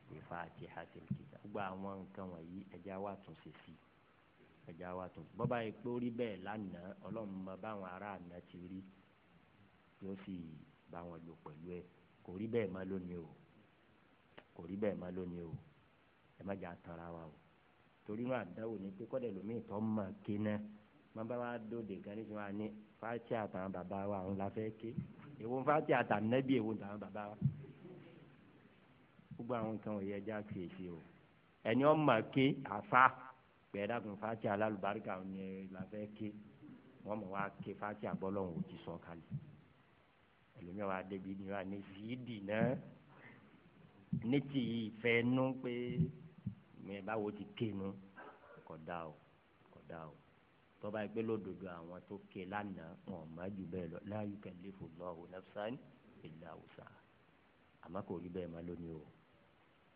bi fatihatil kitab gbogbo àwọn nǹkan wọ̀nyí ẹja wa tún ṣe sí ẹja wa tún bọ́bá yìí pé ó rí bẹ́ẹ̀ lánàá ọlọ́run mọ báwọn ará àná ti rí yóò sì bá wọn lò pẹ̀lú ẹ kò rí bẹ́ẹ̀ má lónìí o kò rí bẹ́ẹ̀ má lónìí o ẹ má jà tanra wa o torí náà àdáwò ni pé kọ́dẹ̀ lómi ìtọ́ mọ̀ kéná wọn bá wa dóde gan níbi wọn ní fati àtàwọn bàbá wa òun la fẹ́ ké èwo fati àtàwọn nẹ́bí èwo tàwọn bàbá wa gbogbo àwọn nǹkan wọ̀nyí ẹja fèsì o ẹni wọn mọ̀ ké àfa gbẹ̀dá kun fati alálùbáríkà òun ni la fẹ́ ké wọn mọ̀ wá ké fati àbọ̀lọ́hún ò ti sọ kalẹ̀ ẹlòmíràn wa débi ni wọn ní fìdí náà ní ti ìfẹ́ nú pé mi báwo ti ké nu kódà o kódà o tọ́ba yìí pé lódodo àwọn tó ké lánàá wọn ò má jù bẹ́ẹ̀ lọ la yukallifullahu nafsan illa wus'aha àmọ́ kò rí bẹ́ẹ̀ má lónìí o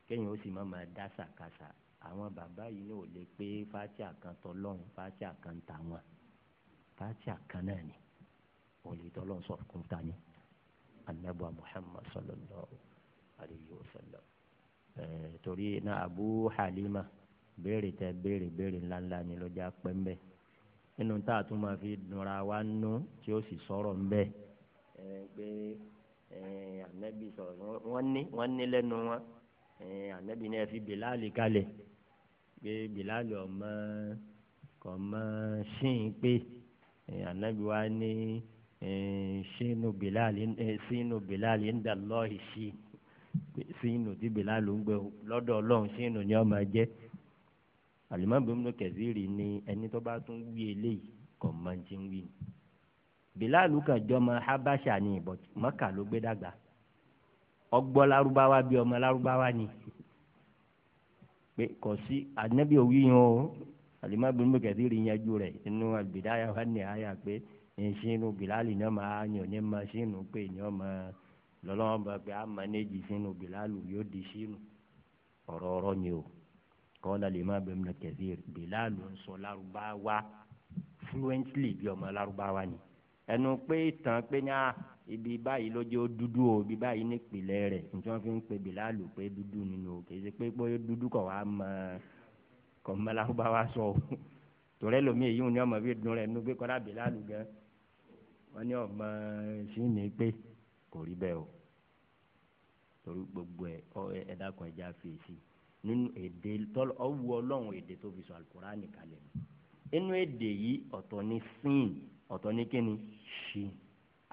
kéèyàn ó sì má máa dá sàkàsà àwọn bàbá yìí ní ò lè pé fátíà kan tọlọ́run fátíà kan tàwọn fátíà kan náà ni ò lè tọlọ́run sọ fún ta ni anabu muhammad sallallahu alayhi wa sallam torí náà abu halima béèrè tẹ béèrè béèrè ńláńlá ni lọ́jà pẹ́ńbẹ́ nínú tá a tún máa fi dunra wa nú tí ó sì sọ̀rọ̀ ńbẹ ẹ pé ànábì sọ̀rọ̀ wọ́n ní wọ́n ní lẹ́nu wọn ànábì náà fi bìláàlì kalẹ̀ pé bìláàlì ọmọ kò mọ ṣìn pé ànábì wa ní bilali bìláàlì ṣínú bìláàlì ń dà lọ́ọ̀hì sí ṣínú tí bìláàlì ń gbé lọ́dọ̀ ọlọ́run ṣínú ni ó máa jẹ́ alimami ibn Kathiri ni ẹni tó bá tún wí eléyìí kò máa ń ti ń wí ni bilalu kan jọ ọmọ habasha ni but Mẹ́kà ló gbé dàgbà ọgbọ́ Lárúbáwá bí ọmọ Lárúbáwá ni pé kò sí anabi òwí yẹn o alimami ibn Kathiri yanjú rẹ̀ inú al-Bidaya wa an-Nihaya pé ìṣinú bilali ni ọmọ ayọ̀ ní ọmọ sínú pé ní ọmọ lọ́lọ́wọ́ bá pé àmọ́ bilalu yóò di sínú ọ̀rọ̀ ọ̀rọ̀ ni o kọ́lá lè má bẹ̀rẹ̀ mìíràn kẹfìr Bilal ń sọ lárúbáwá fluently bí ọmọ lárúbáwá ni ẹnu pé ìtàn pé ní ibi báyìí lọ́jọ́ dúdú o ibi báyìí nípìnlẹ̀ rẹ̀ nítorí wọ́n fi ń pe Bilal pé dúdú nínú o kìí ṣe pé pé dúdú kọ̀ wá mọ kọ̀ mọ lárúbáwá sọ o tòrẹ́ lomi èyí ni ọmọ fi dùn rẹ̀ nínú pé kọ́lá Bilal gan wọ́n ní ọmọ sí ni pé kò rí bẹ́ẹ̀ o torí gbogbo ẹ̀ ẹ̀dá kan ẹja fèsì nínú èdè tọ́lọ́ ọwọ́ ọlọ́run èdè tó fi sọ alukurani kalẹ̀ inú èdè yìí ọ̀tọ̀ ni sin ọ̀tọ̀ ni kíni ṣì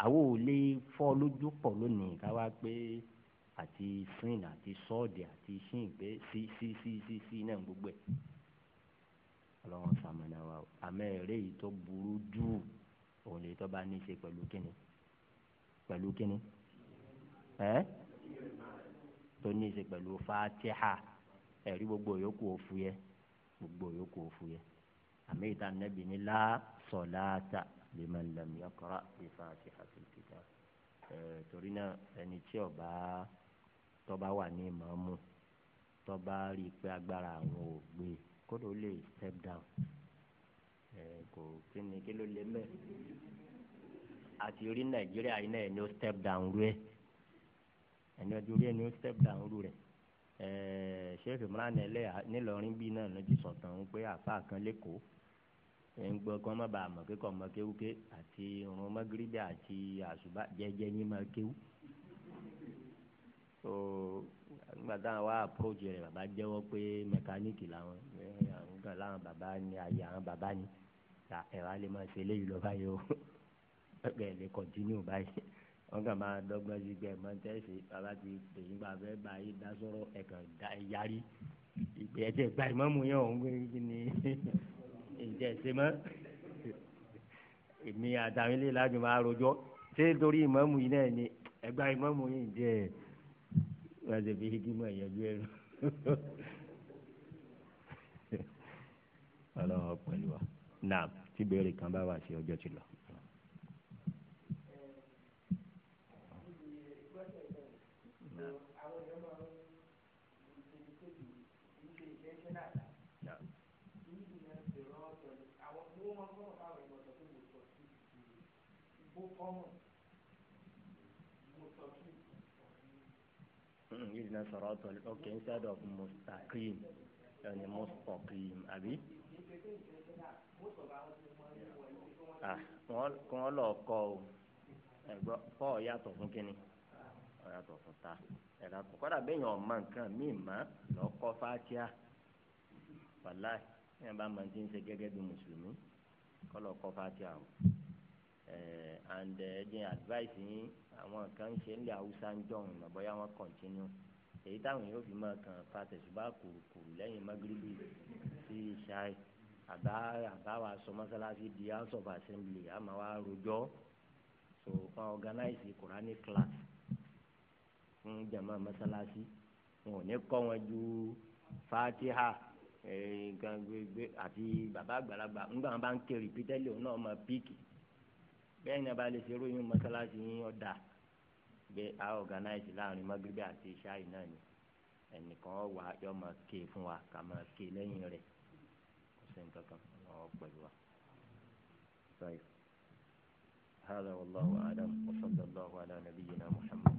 àwọn ò lè fọ́ lójú pọ̀ lónìí káwá pé àti sin àti sọ́ọ̀dì àti sin pé sí sí sí sí sí náà gbogbo ẹ̀ ọlọ́run sàmánà wa àmọ́ ẹ̀rẹ́ yìí tó burú jù òun lè tó bá ní í ṣe pẹ̀lú kíni pẹ̀lú kíni ẹ́ tó ní í ṣe pẹ̀lú fatiha ẹ̀rí gbogbo yòókù òfu yẹ gbogbo yòókù òfu yẹ àmì ìta nẹ́bi ni la salata liman lam yaqra bi fatihatil kitab ẹ̀ torí náà ẹni tí ó bá wà ní ìmáàmù tó rí i pé agbára àwọn ò gbé kódò lè step down ẹ̀ kò kí ni kí ló lè mẹ́ àti orí nàìjíríà yìí náà ẹni ó step down rú ẹ ẹni ọjọ́ orí ẹni ó step down rú rẹ̀ Sheikh Imran Eleha nílọrin bíi náà ló ti sọ̀tàn ń pé àfa kan lẹ́kọ̀ọ́ ń gbọ́ kí wọ́n má bàa mọ̀ kíkọ́ mọ kéwúké àti irun mọ́gírídà àti àṣùbà jẹ́jẹ́ ní mọ́ kéwú. so nígbà táwọn wá àpòròjì rẹ̀ bàbá jẹ́wọ́ pé mẹkáníìkì làwọn àwọn kan láwọn bàbá ni àyè àwọn bàbá ni ẹ̀rọ alẹ́ máa ṣe eléyìí lọ báyìí o ẹ̀rọ alẹ́ kọ̀ntínú báyìí wọn kàn máa dọ́gbọ́n sí gbẹ mọ tẹsí ti tèyí gbà fẹ bá yí dá sọ̀rọ̀ ẹkàn dá yarí ìgbẹ ẹjẹ gba ìmọ̀mù yẹn òun gbé ní ìjẹ ẹsẹ mọ èmi àtàwọn ilé ìlàjọ máa rojọ́ ṣé torí ìmọ̀mù yìí náà ni ẹgbà ìmọ̀mù yìí jẹ ẹ wọn ṣe fi hígí mọ ìyẹjú ẹ lọ ọlọ́run pẹ̀lú wa náà tí béèrè kan bá wà sí ọjọ́ ti lọ. yíyíná sọ̀rọ̀ ọ̀tọ̀ ọ̀kẹ́ instead of mustaqim ẹni mustaqim àbí. wọ́n lọ kọ́ ọ ẹ̀gbọ́n fọ́ọ̀ yàtọ̀ fún kínní ọ̀yàtọ̀ fún ta ẹ̀rọ kò kọ́dà ọ̀ma nǹkan míì má lọ́kọ́ fátíà wàlá ẹ̀yìn bá máa ti ń ṣe gẹ́gẹ́ bí mùsùlùmí kọ́ lọ́kọ́ fátíà o and ẹ̀jẹ̀ eh, advice yín àwọn kan ṣe ń haúsá ń jọ̀hún lọ́bọ̀yà wọn continue èyí táwọn yóò fi máa kàn fa tẹ̀sùbá kùrùkùrù lẹ́yìn magrebi sí ìṣáì àbá àbá wa sọ mọ́sálásí di house of assembly àmọ́ wa rojọ́ so kan organize Quranic class fún jama masalasi wọn ò ní kọ́ wọn ju fatiha gangbegbe eh, àti baba àgbàlagbà ńgbà wọn bá ń kiri pitẹ́lì òun náà máa píìkì bẹ́ẹ̀ ni a bá lè ṣe ròyìn masalasi yín ọ̀dà bẹ́ a organize láàrin magribi àti ṣáì náà ni ẹnìkan wà yọ máa ké fún wa ká máa ké lẹ́yìn rẹ̀ kò sẹ́ni kankan wọn pẹ̀lú wa. هذا والله أعلم وصلى الله على نبينا محمد